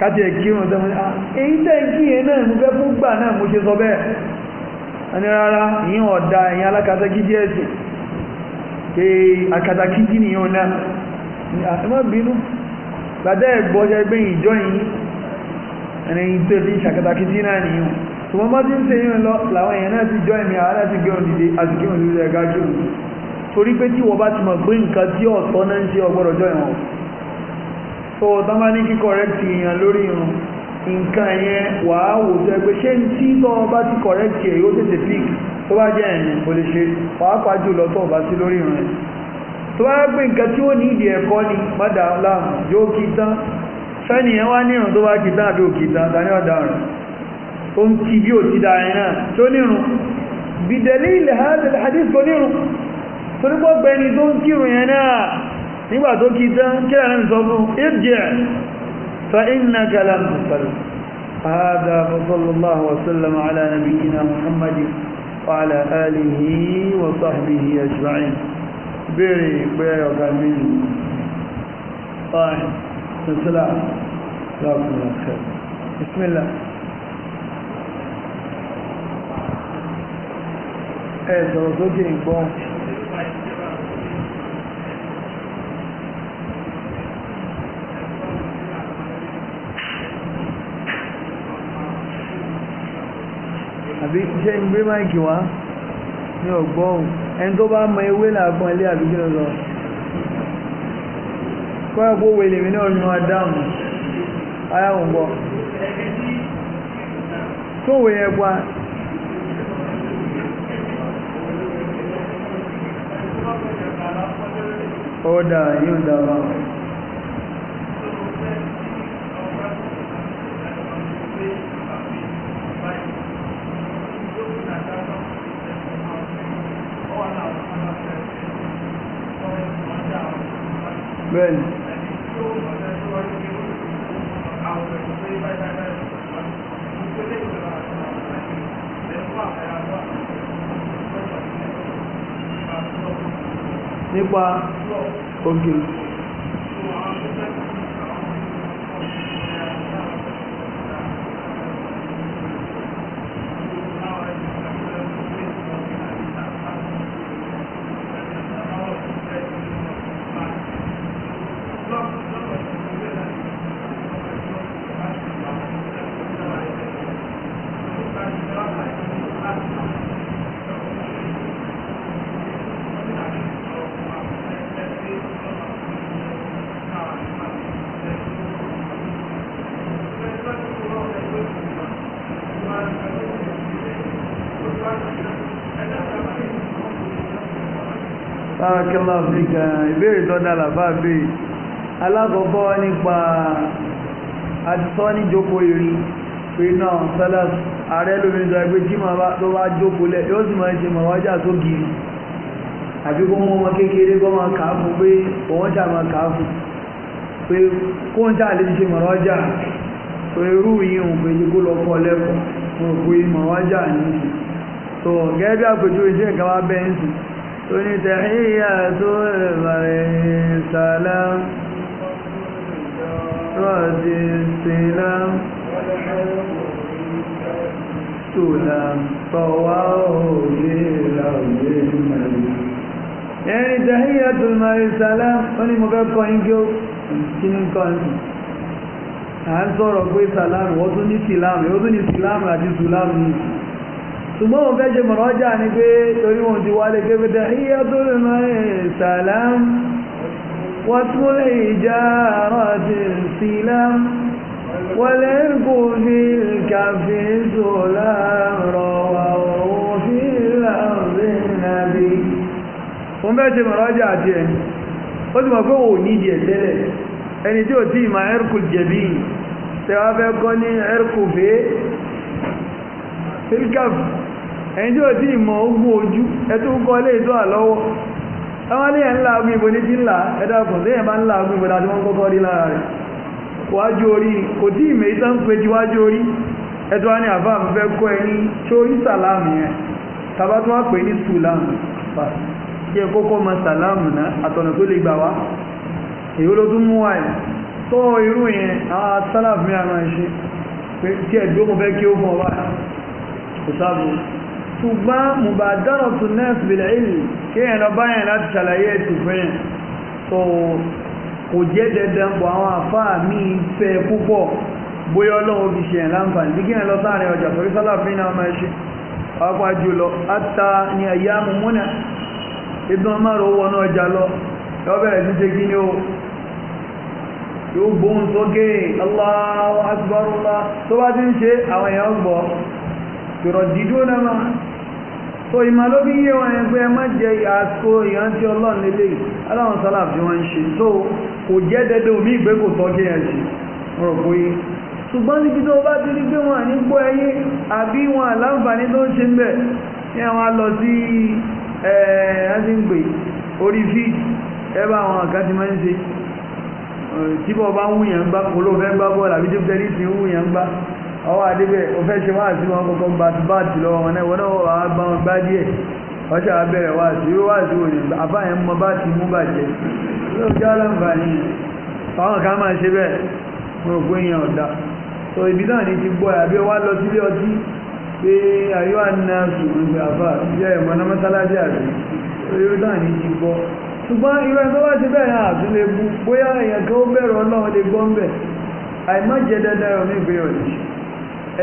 káti ẹ̀ kírun tó mọ́ èyí tẹ́ ń kí yẹn náà mo fẹ́ fún gbà náà mo ṣe sọ bẹ́ẹ̀ ẹni rárá ìyẹn ọ̀dà ìyẹn alákatakíjí ẹ̀sìn pé akatakíjí nìyẹn náà ẹ má bínú gbàdá ẹ̀gbọ́ ṣe gbé ìjọ yìí ẹni tó fi ṣàkatakíjí náà nìyẹn tó wọ́n bá ti ń ṣe yín lọ so tán bá ní kí correct èèyàn lórí irun nǹkan yẹn wàá wò sọ pé ṣé n tí tọ́ bá ti correct ẹ̀ yóò tètè pick tó bá jẹ́ ẹ̀yìn kò lè ṣe pàápàá jùlọ tó bá sí lórí irun ẹ̀ tó bá gbé nǹkan tí ó ní ìdí ẹ̀kọ́ ni mọ́dà láàmù yóò kí tán fẹ́ni ẹ̀ wá nírun tó bá kí tán àbí òkì tán tani ọ̀dà rẹ̀ ó ń ti bí ò da ẹ̀ náà tó nírun bìdẹ̀lẹ́ ilẹ̀ nígbà tó kí tán kí ẹ̀rẹ́ mi sọ fún ìdíẹ̀ fa iná kala mùsùlùmí هذا وصلى الله وسلم على نبينا محمد وعلى آله وصحبه أجمعين بيري بيري وكامل طيب السلام جزاكم الله خير بسم الله ايه سوزوكي بونش ṣe ń gbé máìkì wá ní ọ̀gbọ́ ẹni tó bá mọ ewé làgbọn ilé àdúgbò lọ kọ́ ẹ̀kọ́ wo ilé mi ní wọn adam ara tó bẹ́ẹ̀ni nípa òkè bárakẹ́lá fíkà ìbéèrè tọ́dá làbá béèrè alákọ̀ọ́kọ́ nípa àtisọ́ ní jókòó ìrìn pé náà sálàs ààrẹ lómi sọ pé tí màá tó bá jókòó lẹ̀ yóò sì máa ṣe màwájà tó gírì àbí kó mọ́ wọn kékeré kó máa kà á fún pé òun ṣà máa kà á fún pé kó ń ṣàlè ṣe màwájà pé irú yìí òun pé kó lọ kọ́ lẹ́kọ̀ọ́ mo rò pé màwájà ní í sọ gẹ́gẹ́ bí àpèjúwe iṣẹ́ ìkàwá bẹ́ẹ̀ ń sìn تحية المرء سلام رضي السلام سلام طواه بالأرض يعني تحية المرء سلام وني مكافة إنجو كنين كونسي à ń sọ̀rọ̀ pé sàlámù wọ́n tún ní sìlámù wọ́n tún ní sìlámù àti sùlámù nìyí ṣùgbọ́n wọn fẹ́ ṣe mọ̀rọ̀ ọjà ní pé torí wọn ti wálé kébẹ̀tẹ̀ iye tó lè máa ń sàlám wọ́n tún lè ìjà àrọ̀ àti sílám wọ́n lè ń kò fi kàfí sọ́lá rọ̀ wà òfin láàrin ẹni tí ò tí ì máa jẹ̀bí tẹ́wàá fẹ́ kọ́ ní ẹ̀rkù fèé ẹni tí ò tí ìmọ̀ oju ojú ẹtú kọ́ ilé ìtọ́ àlọ́wọ́ ẹwọ́n ní ẹ̀ ńlá agun ìbò ní ti ńlá ẹ̀dàkùn tí ẹ̀ ńlá agun ìbò láti wọ́n kọ́kọ́ rí lára rẹ̀ wájú orí kò ju wájú orí ẹ̀tọ́ àbá mi fẹ́ kọ́ ẹni sàlámù yẹn tàbá tó wá pè ní sùlámù jẹ́ mọ sàlámù náà àtọ̀nà tó lè gbà wá èyí ló tún mú wá ẹ̀ tó irú yẹn àwọn tí fẹ́ kí ó mọ̀ wá ṣùgbọ́n mùbàdánà tún nẹ́ẹ̀sì bìlẹ̀ ìlú kí èèyàn lọ láti ṣàlàyé ètò fẹ́yìn tó kò jẹ́ dandan bọ̀ àwọn àfáà míì fẹ́ púpọ̀ bóyá ọlọ́run fi ṣe ẹ̀ láǹfààní bí kí èèyàn lọ sáàrin ọjà torí sálàfin náà ata ni owó lọ yọ bẹ̀rẹ̀ sí ṣe kí ni o yóò gbóhùn sókè tó bá ti ń ṣe àwọn èèyàn tìrọ̀dídúnà máa so ìmọ̀ ló bí yé wọn ẹgbẹ́ má jẹ àsìkò ìrántí ọlọ́run nílé aláwọn sálà bí wọ́n ń ṣe so kò jẹ́ dẹ́dẹ́ omi ìgbé kò tọ́ kí ẹ̀ ṣe rọ̀ bóyé ṣùgbọ́n níbi tó bá ti rí pé wọn ní gbọ́ ẹyé àbí wọn àláǹfààní tó ń ṣe ń bẹ̀ ní àwọn lọ sí ẹ̀ẹ́díngbè orí fíìd ẹbá àwọn àká ti máa ń ṣe tíbọ̀ bá wúyàn gbá ọwọ́ adébẹ̀ o fẹ́ ṣe wáàsí wọn kọ́kọ́ bàtí bàtí lọ́wọ́ wọn náà wọ́n wà bá wọn gbá díẹ̀ ọjà abẹ́rẹ̀ wáàsí irú wáàsí wò ní àbáyẹn mọ bá ti mú bàjẹ́ yóò jẹ́ aláǹfààní àwọn kan máa ṣe bẹ́ẹ̀ mo rò pé èèyàn ọ̀dà sọ ibi náà ní ti gbọ́ àbí wá lọ sílé ọtí pé ayé wà ní àsùnwòn gbé àfà jẹ́ ìmọ̀ náà mọ́sálásí àti irú náà ní ti gbọ́ ṣùgbọ́n irú ẹni bá ṣe bẹ́ẹ̀ náà lè bu bóyá èèyàn kan ó bẹ̀rù ọlọ́run lè gbọ́ ń bẹ̀ àìmọ́jẹ dandan ẹ̀rọ mi ìgbéyàwó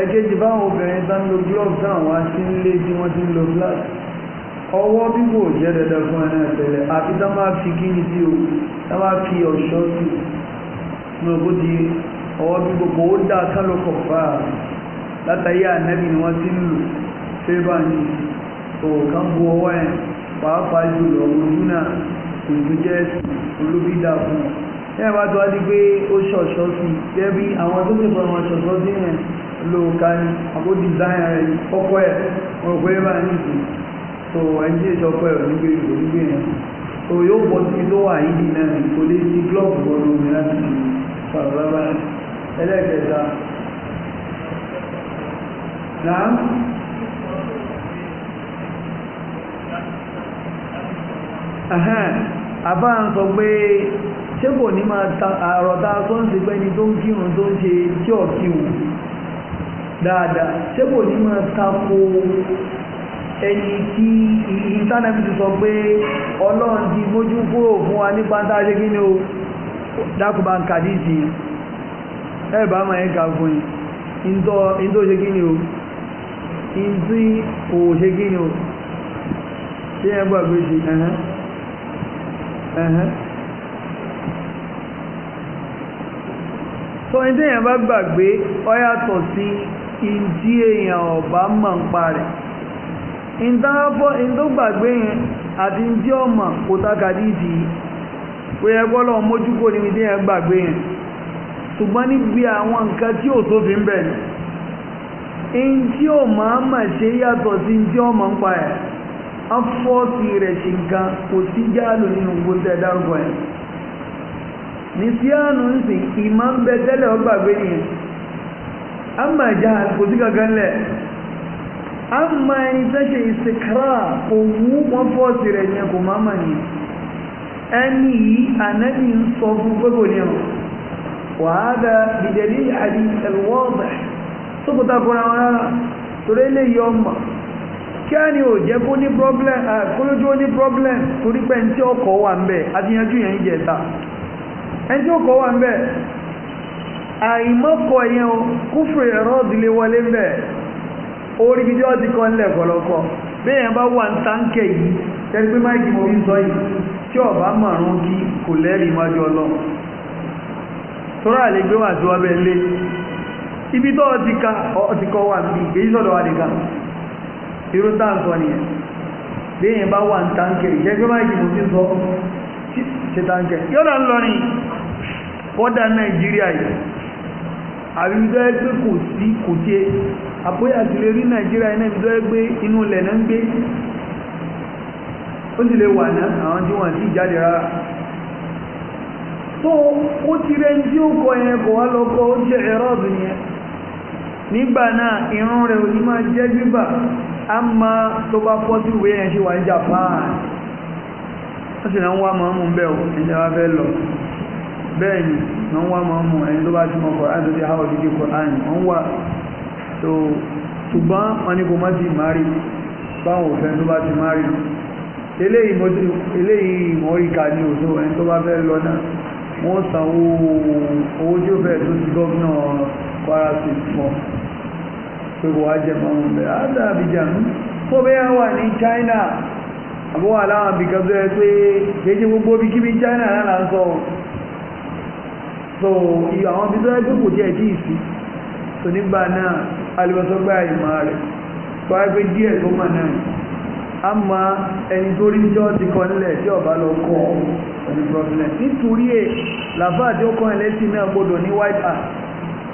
ẹ̀kejì báwọn obìnrin tán lo gloves táwọn wá sí nílé tí wọ́n ti ń lo glass ọwọ́ bí kò jẹ́ dandan fún ẹni ẹ̀tẹ̀lẹ̀ àti tá máa fi kí ni sí o tá máa fi ọ̀ṣọ́ sí mo kó di ọwọ́ bí gbogbo ó dáa kálọ̀kọ̀ fà á látàrí ànẹ́bì ni wọ́n ti ń lò fẹ́bà ní òwò kan bu ọwọ́ ẹ̀ pàápàá jùlọ ojú náà kò tó jẹ́ olóbí dáa fún ọ. bá tó wá di pé ó ṣọ̀ṣọ́ sí i jẹ́ àwọn tó ti fọ́ ọmọ ṣọ̀ṣọ́ sí yẹn lóòka ni àbó design rẹ̀ ọkọ̀ ẹ̀ ọ̀pọ̀ so ẹni tí èso ọkọ̀ ẹ̀ ò ní gbé ìgbò so yóò tó wà yìí náà kò lè sí glove bọ́ọ̀lù mi láti sọ̀rọ̀ bábá na náà àbá ń sọ pé ṣé kò ní máa ta àrọ̀ta tó ń ṣe pẹ́ni tó ń kírun tó ń ṣe tí ò dada ṣé kò ní máa tako ẹni tí ti sọ pé ọlọ́run ti mójú kúrò fún wa nípa tá a ṣe kí ni o dákùbà ń ẹ bá máa ń fún yìí ṣe kí o kò ṣe kí ni o ṣé ẹ ṣe ẹ̀hán ẹ̀hán. ní tí èèyàn bá gbàgbé ọ ìdí èèyàn ọ̀bá mọ̀ ń pa rẹ̀ ìdáwọ́fọ́ ìdógbàgbé yẹn àti ìdí ọmọ kò tákàdí ìdí pé ẹgbọ́n lọ mójúkò níbi tí yẹn gbàgbé yẹn ṣùgbọ́n níbi àwọn nǹkan tí ò tó fi ni in tí ò mà ṣe yàtọ̀ sí ọmọ ń rẹ̀ ṣe nǹkan kò sí jáàlù nínú yẹn ní síánù amma jahal kò sí gangan lẹ̀ amma ẹni tó ṣe ìsìkárà kò mú wọn fọ́ọ̀sì rẹ̀ yẹn kò máa mà ní ẹni yìí ànábì ń sọ fún gbogbo ní ọ̀rọ̀ wàhálà bìdẹ̀lì àdì ẹ̀lwọ́ọ̀bẹ̀ tó kò takora wọn rárá torí lè yọ ọmọ kí á ní ò jẹ́ kó ní problem kólójú ó ní problem torí pé ẹni tí ọkọ̀ wà ń bẹ̀ àti yanjú yẹn ń jẹ̀ta ẹni tí ọkọ̀ wà ń bẹ̀ àìmọ́kọ̀ yẹn o kúfùrù ìrọ́ọ̀dì lè wọlé ń orí gidi ọdí kan lẹ̀ kọ̀lọ́kọ̀ bẹ́ẹ̀ bá wà ń táǹkẹ̀ yìí tẹ́lẹ̀ pé máìkì mo ń sọ yìí tí ọ̀bá márùn kí kò lẹ́rìí iwájú tọ́rọ àlè gbé wà sí ibi ọtí ọtí wà èyí sọ̀dọ̀ wà nìkan irú nìyẹn bẹ́ẹ̀ bá wà táǹkẹ̀ yìí tẹ́lẹ̀ pé máìkì ń sọ àbíbíjọ́ ẹ pé kò sí kò jẹ àbóyá ti lè rí nàìjíríà iná ìbíjọ́ ẹ pé inú ilẹ̀ náà ń gbé ó sì lè wà náà àwọn tí wọ́n sì jáde rárá tó ó ti rẹ ń tí ó kọ yẹn kò wá lọ kọ ó jẹ ẹ̀rọ ọ̀bì yẹn nígbà náà irun rẹ̀ ò ní máa jẹ́ bíbà á máa tó bá fọ́ sí ìwé yẹn ṣe wà ní Japan ó sì náà ń wá màmú bẹ́ẹ̀ ò ìjọba fẹ́ lọ bẹ́ẹ̀ ni wọ́n wá máa mú ẹni tó bá ti mọ kọ̀ọ̀án tó ti há òdìdí kọ̀ọ̀án wọ́n wà tó ṣùgbọ́n wọn ni kò má ti máa rí báwọn òfin tó bá ti máa rí eléyìí mọ́ríkà ni òṣò ẹni tó bá fẹ́ lọ náà wọ́n sanwó owó tí ó fẹ́ tó ti gọ́ọ̀nà Kwara State fún pé wọ́n á jẹ máa ń bẹ́ẹ̀ so ìyá àwọn ibi tó yẹ jẹ́ ẹ̀dí ìsí so nígbà náà alìbọ̀sọ́gbà ìmọ̀ rẹ̀ tó díẹ̀ tó mà náà a ma ẹni tó rí jọ́ nílẹ̀ tí ọba lọ kọ ẹni problem nítorí ẹ̀ tí ó kọ́ ẹlẹ́sìn náà ní white house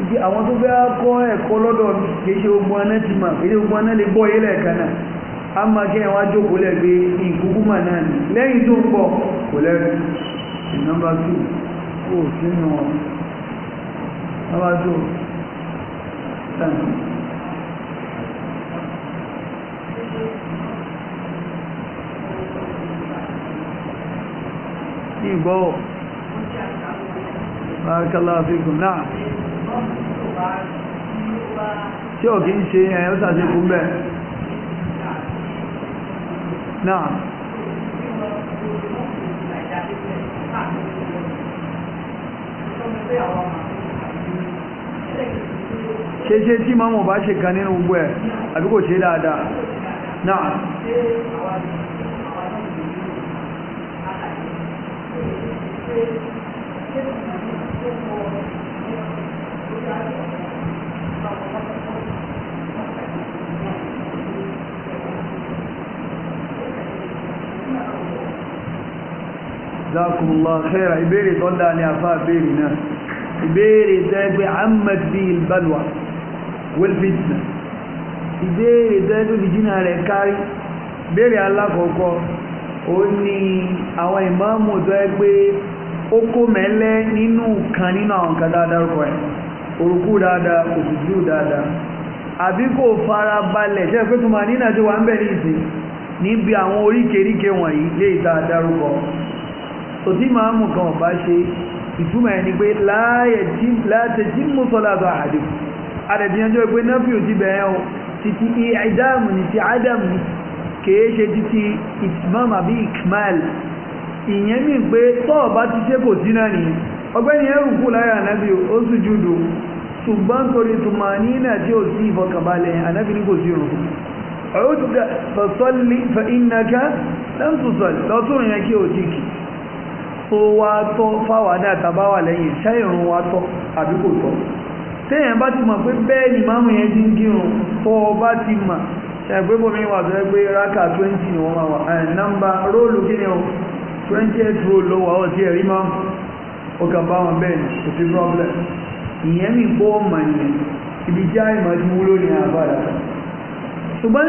ibi àwọn tó fẹ́ kọ́ ẹ̀kọ́ lọ́dọ̀ ogun aná ti mà kìí ogun aná lè kan náà a kí lẹ̀ ìkúkú mà kò sínú ọwájú tẹ̀lú ìgbọ́ bárakálá fíkùn náà tí ò kí ń ṣe ẹ̀yọ́ sàṣekú bẹ́ẹ̀ náà ṣe ṣe tí máa mọ̀ bá ṣe kan nínú gbogbo ẹ̀ àbí kò ṣe dáadáa náà Lákùnlá kẹ́ra ìbéèrè tó dáa ní àfáà béèrè náà ìbéèrè tẹ́gbẹ́ ahmed bíi ìbálùwà wẹ́lfìtìnà ìbéèrè tẹ́gbẹ́ fìjìnà rẹ̀ kárí ìbéèrè alákọ̀ọ́kọ́ ó ní àwọn ìmáàmù tó ẹ pé ó kó mẹ́lẹ́ nínú kan nínú àwọn kan dáadáa rúkọ ẹ̀ orúkú dáadáa òṣìṣú dáadáa àbí kò fara balẹ̀ ṣe pé tuma nínà tó wà ń bẹ̀ níbi àwọn oríkèéríkèé wọ̀nyí lè dáadáa rúkọ tòtí máàmù kan ò ṣe ìtumọ̀ ẹni pé láàtẹ̀jí mú sọ́látọ̀ àdé àdẹ̀bíyànjọ́ pé náfíò ti bẹ̀ẹ́ o títí ìdáàmù ní ti ádámù kèé ṣe títí ìtìmọ́m àbí ìkmal ìyẹn mi pé tọ́ọ̀bá ti ṣe kò sínà ní ọgbẹ́ni ẹrùkú láyà ànábì ó sì júdò ṣùgbọ́n torí tùmọ̀ nínà tí ó sí ìfọkànbalẹ̀ ànábì ní kò sí òrùn ọ̀rọ̀ tó sọ́lì fa ìnàká lẹ́mtùsọ̀lì lọ́tún ìyẹn kí ó wá tọ́ fáwọn náà tàbá wà lẹ́yìn wa tọ́ àbí kò tọ́ bá ti mọ̀ pé bẹ́ẹ̀ ni máàmù yẹn ti ń kírun tó bá ti mọ̀ ṣàgbé wà tó twenty wọ́n máa wà ẹ̀ nọ́mbà róòlù kí ni o ló wà ó ti ẹ̀rí ó problem ìyẹn mi ibi jẹ́ àìmọ̀ ti wúlò ní àbára ṣùgbọ́n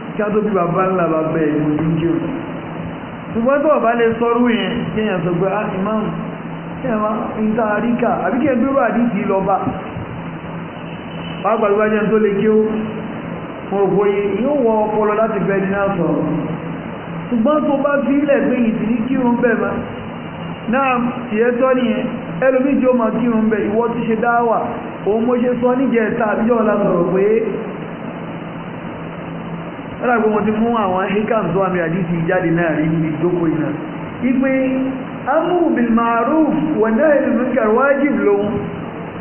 ká tó bí bàbá ńlá bàbá ẹ̀yìn oníjẹ́ ṣùgbọ́n tó ọ̀bá lè sọ́rú yẹn kéèyàn sọ pé ah imam ẹ̀wà nǹkan àríkà àbí kí ẹgbẹ́ rà ní ìdí lọ́ba pàápàá lọ́wọ́ jẹun tó lè kí ó mọ ògbóyè yóò wọ ọpọlọ láti fẹ́ ní náà sọ̀rọ̀ ṣùgbọ́n tó bá fi ilẹ̀ pé ìdí ní kírun bẹ̀ mọ́ náà tiẹ̀ tọ́ nìyẹn ẹlòmíì tí ó máa kírun bẹ̀ ìwọ ti ṣe dáwà òun mo ṣe sọ níjẹ̀ẹ́ta àbíjọ́ ọ̀la sọ̀rọ̀ pé wọ́n dàgbé wọn ti mú àwọn hikam tó àmì àdìsí jáde náà rí níbi ìjókòó iná ipe amúrù bil ma'ruf wa nahyi anil munkar wájib lòun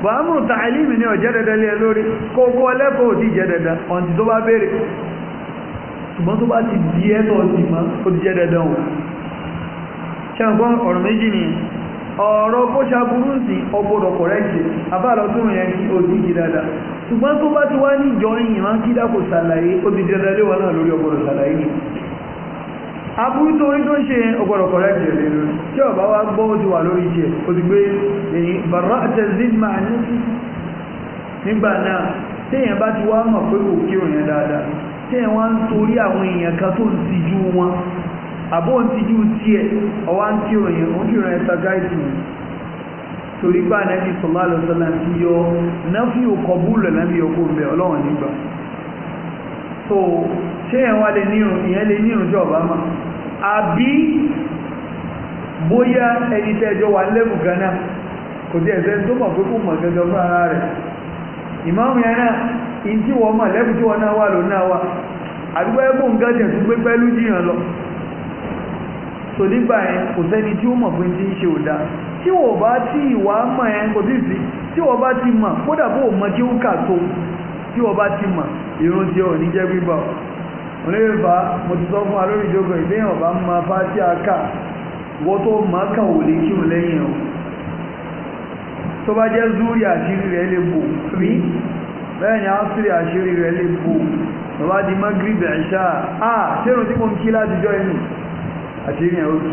bọ̀ amúrù tààlìmì ní ọ̀jẹ́ dandan lé lórí kókó ọlẹ́kọ̀ọ́ ti jẹ́ dandan ọ̀ntì tó bá béèrè ṣùgbọ́n tó ni ọ̀rọ̀ kó ṣaburú sí ọgbọ́dọ̀ kọ̀rẹ́ǹtì abáàlọ́tún yẹn ní òdíjì ṣùgbọ́n tó bá ti wá ní ìjọ ìyàn kí dákò sàlàyé ó ti dẹ̀dẹ̀ lé wọn lórí ọgbọ̀rọ̀ sàlàyé ni aburú tó orí tó ń ṣe ọgbọ̀rọ̀ kọ̀rẹ́ jẹ̀ lẹ́nu tí ọba wa gbọ́ ó ti wà lórí jẹ ó ti gbé ẹ̀yìn bàrá àtẹ̀zín máa ní nígbà náà téèyàn bá ti wá mọ̀ pé kò kí òyìn dáadáa téèyàn wá ń torí àwọn èèyàn kan tó ń tijú wọn àbó ń tijú tiẹ̀ ọwá ń kí òyìn ó kí òyìn ẹ̀ta gáìsì torí pé ànábì sọlá ti yọ náfí òkọ̀búlù ànábì ọkọ̀ ń bẹ ọlọ́run nígbà so ṣé yẹn wá lè nírun ìyẹn lè nírun tí ọba mà àbí bóyá ẹni tẹ́jọ wà lẹ́bù gánà kò sí ẹ̀sẹ̀ tó mọ̀ pé kò mọ̀ gẹ́gẹ́ fún ara rẹ̀ ìmáàmù yẹn náà tí wọ́n mọ̀ lẹ́bù tí wọ́n náà wà wà tí wọ́n bá tí ìwà mọ̀ ẹ́ kò sí sí tí wọ́n bá ti mọ̀ kódà bó mọ̀ kí ó kà tó tí wọ́n bá ti mọ̀ ìrun tí ò ní jẹ́ gbígbà onífà mo ti sọ fún wa lórí ìjókòó ìgbéyàn ọba mọ afá tí a kà wọ́n tó mọ̀ kà ò lè kírun lẹ́yìn o tó bá jẹ́ zúrí àṣírí rẹ̀ lè bò rí bẹ́ẹ̀ ni àṣírí àṣírí rẹ̀ lè bò tó bá di mọ́gírì bẹ̀ṣà á sẹ́rùn tí mo ń kí látijọ́ inú àṣírí ẹ̀ ó tù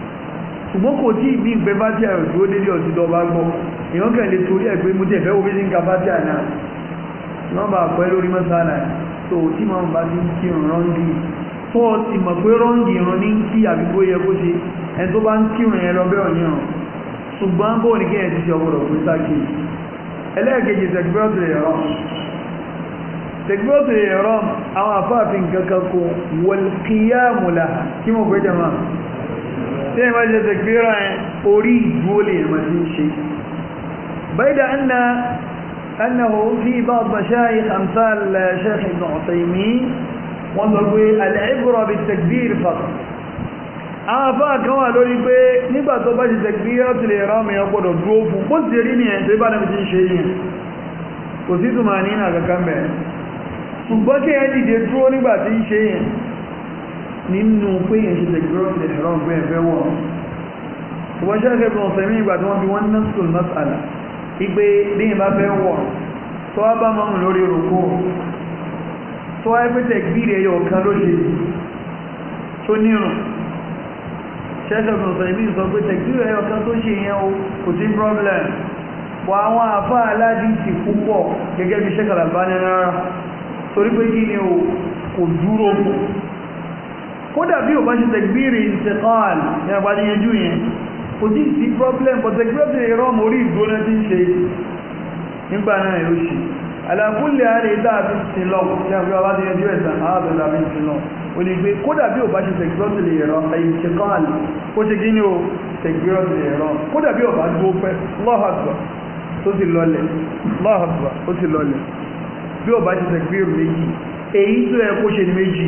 ṣùgbọ́n kò tí ìbí ìgbẹ́ fátíà rẹ̀ dúró dédé ọ̀túndọ̀ bá gbọ́ èèyàn kàn lè torí ẹ̀ pé mo tẹ̀ fẹ́ omi sí ń ka fátíà náà nọ́mbà pẹ́ lórí mọ́sálà tó tí máa ń bá ti ń kí rọ́ǹgì tó o ti mọ̀ pé rọ́ǹgì ìran ní ń kí àbíkó yẹ kó ṣe ẹni tó bá ń kírun yẹn lọ bẹ́ẹ̀ ní ọ̀run ṣùgbọ́n bó ní kí ẹ̀ ti ṣe ọgbọ̀rọ̀ fún sáàkì ẹlẹ́ẹ̀kejì tẹ̀gbẹ́ọ̀tì ẹ̀rọ tẹ̀gbẹ́ọ̀tì ẹ̀rọ àwọn tí ẹ̀mà ṣe tẹ̀kbírà ẹ̀ orí ìdúó lè ẹ̀mà ṣe ń ṣe bẹ́ẹ̀dà أنه في بعض مشايخ أمثال شيخ ابن عثيمين وانظروا العبرة بالتكبير فقط àfá kan wà lórí pé nígbà tó bá ṣe tẹ̀kbíràtù lè rá mẹ́ ọgbọ̀dọ̀ dúró fún bó ti rí ní ẹ̀ tó bá náà ti ń ṣe yìí kò sí túnmà ní àkàkà mẹ́ ṣùgbọ́n kí ẹ dìde dúró nígbà ń ṣe yìí nínú pé yẹn ṣe tẹ̀gbọ́n ìrọ̀ pé ẹ̀fẹ́ wọ̀ ṣùgbọ́n ṣe ẹ̀fẹ́ bọ̀ ọ̀sẹ̀ mìíràn tí wọ́n fi wọ́n náà sùn mọ́sàlá ìgbé déyìn bá fẹ́ wọ̀ tó wá bá mọ́mù lórí òkú tó wá pé tẹ̀gbìrì ẹyọ kan ló ṣe tó nírùn ṣẹ́ṣẹ́ bọ̀ ọ̀sẹ̀ mìíràn sọ pé tẹ̀gbìrì ẹyọ kan tó ṣe kódà bí o bá ṣe tẹ̀gbìrì ìṣẹ̀kọ́l ní àgbàdì yẹn kò tí sí problem but tẹ̀gbìrì ìrọ́m orí ìgbóná tí ń ṣe nígbà náà ló ṣe àlàkúlẹ̀ àrẹ dáàbí sí ṣe tẹ̀gbìrì ni o tẹ̀gbìrì ìrọ́m kódà bí o bá dúró pẹ́ lọ́hàgbà tó ti lọlẹ̀ lọ́hàgbà tó ti lọlẹ̀ bí o bá ṣe tẹ̀gbìrì méjì èyí tó yẹ kó ṣe méjì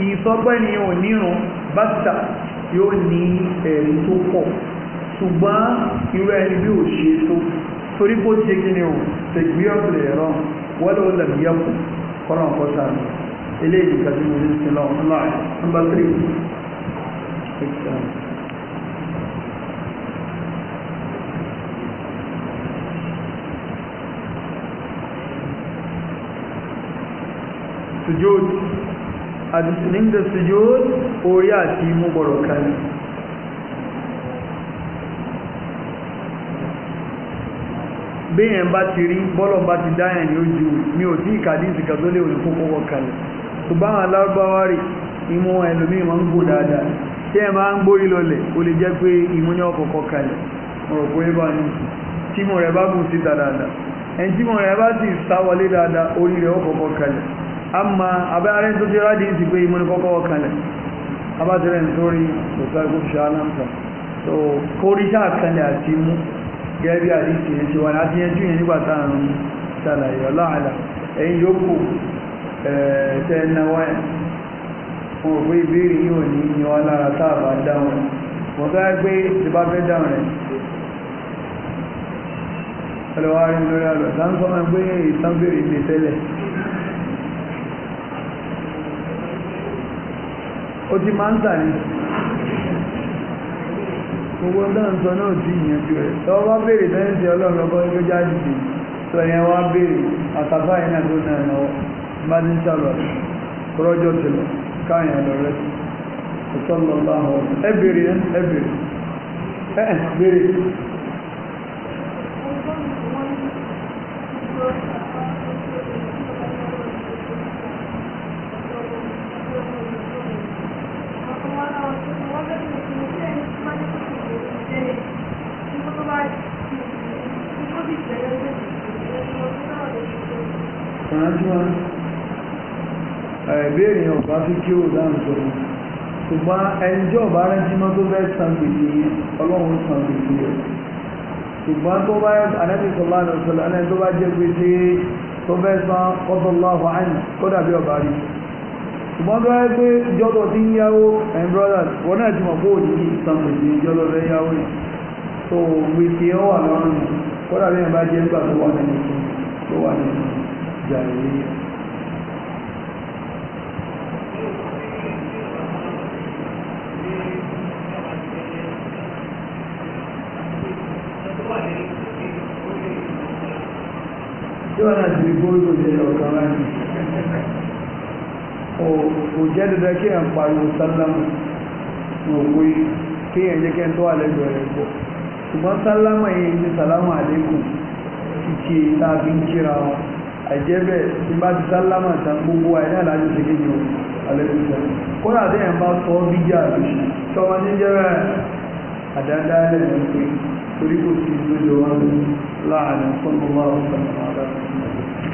ìsọgbẹ́ni onírun bàtà yóò ní ẹ̀rí tó pọ̀ ṣùgbọ́n irú ẹni bí ò ṣe tó torí kó ṣe kí ni ò tẹ̀gbí ọ̀sẹ̀ ẹ̀rọ wọ́n lọ́wọ́ lẹ̀mí yẹ̀kù kọ́nà ọ̀kọ́ta mi eléyìí nǹkan tí mo ní sí lọ ọ̀nà nọ́mbà 3 sujud àdìsíníndà sujud orí àti imú gbọ́dọ̀ kalẹ̀ béèyàn bá ti rí bọ́lọ̀ bá ti dáyàn ní ojú mi ò tí ìkàdísì kan tó lè òní fún kọ́kọ́ kalẹ̀ tó bá wọn lárúbáwá rè imú ẹlòmíì máa ń gbò dáadáa tí ẹ máa ń gbórí lọlẹ̀ ó lè jẹ́ pé imú ní ọkọ̀ọ̀kọ̀ kalẹ̀ ọ̀rọ̀ pé bá ní tí rẹ̀ bá gùn síta dáadáa ẹni tí rẹ̀ bá sì sá wọlé dáadáa orí rẹ̀ ọkọ̀ọ̀kọ̀ kalẹ̀ ama abẹ́rẹ́ tó ti rádi ti pé imú ní kọ́kọ́ kanlẹ̀ abájẹ́rẹ́ nítorí òṣèlú ṣáánàmta so kóríṣà kanlẹ̀ àti mú gẹ́gẹ́ bí àdíkì ní ṣíwá láti yẹnjú yẹn nígbà táàrùn ṣàlàyé ọláàlá ẹ̀yìn yókù ẹ̀ẹ́tẹ́ẹ̀náwáyà fún òfin ìbéèrè yìí ò ní ní wọn lára táàbà dáhùn mo fẹ́ gbé ti bá fẹ́ dáhùn rẹ̀ ọlọ́wárí lórí àlọ́ sáńsọ́mọ́ gbé ìtàn béèrè ilé tẹ́lẹ̀ ó ti máa ń tà ní owó náà sọ náà ti ìyànjú rẹ̀ lọ́wọ́ bá béèrè tẹ́lẹ̀sì ọlọ́run ọkọ̀ ẹgbẹ́ jáde sí sọ yẹn wá béèrè àtàfà yẹn náà tó náà náà bá ní sàlọ̀ rọ́jọ́ ti lọ káyàn lọ rẹ̀ ọ̀sọ́lọ̀ láhọ̀ ẹ béèrè ẹ béèrè ẹ béèrè. ẹ̀bí èèyàn bá fi kí ó dáhùn sọ̀rọ̀ ṣùgbọ́n ẹnjọ́ ọ̀bá rántí mọ́ tó bẹ́ẹ̀ san gbèsè ọlọ́run san gbèsè rẹ̀ ṣùgbọ́n tó bá anábì sọ̀lá àná sọ̀lá ẹni tó bá jẹ́ gbèsè tó bẹ́ẹ̀ san ọ̀dọ̀láhùn àìní kó dàbí ọ̀bá rí ṣùgbọ́n tó bá pé jọ́dọ̀ tí ń yáwó and brothers wọn náà ti mọ̀ pé òní san gbèsè jọ́dọ̀ fẹ́ yáwó yìí tó gbèsè ọ wà lọ́rùn kó dàbí ẹ̀ bá jẹ́ nígbà tó wà nínú tó wà nínú jàre tí wọ́n náà ti di góòlù ṣe ọ̀kan láti kò jẹ́ dandan kí èèyàn pariwo sálámù ní òwe kí èèyàn jẹ́ kẹ́ ń tó àlẹ́gbẹ̀ẹ́ rẹ̀ pọ̀ ṣùgbọ́n sálámù yìí ní sálámù àlékún kìkì tá a fi ń kíra wọn àìjẹ́bẹ̀ tí bá ti sálámù tán gbogbo àìní àlájú ṣe kéde o àlẹ́kùn torí kò sí ìgbéjọ wọn láàrin fún ọmọ àwọn ọ̀sán àwọn adájọ́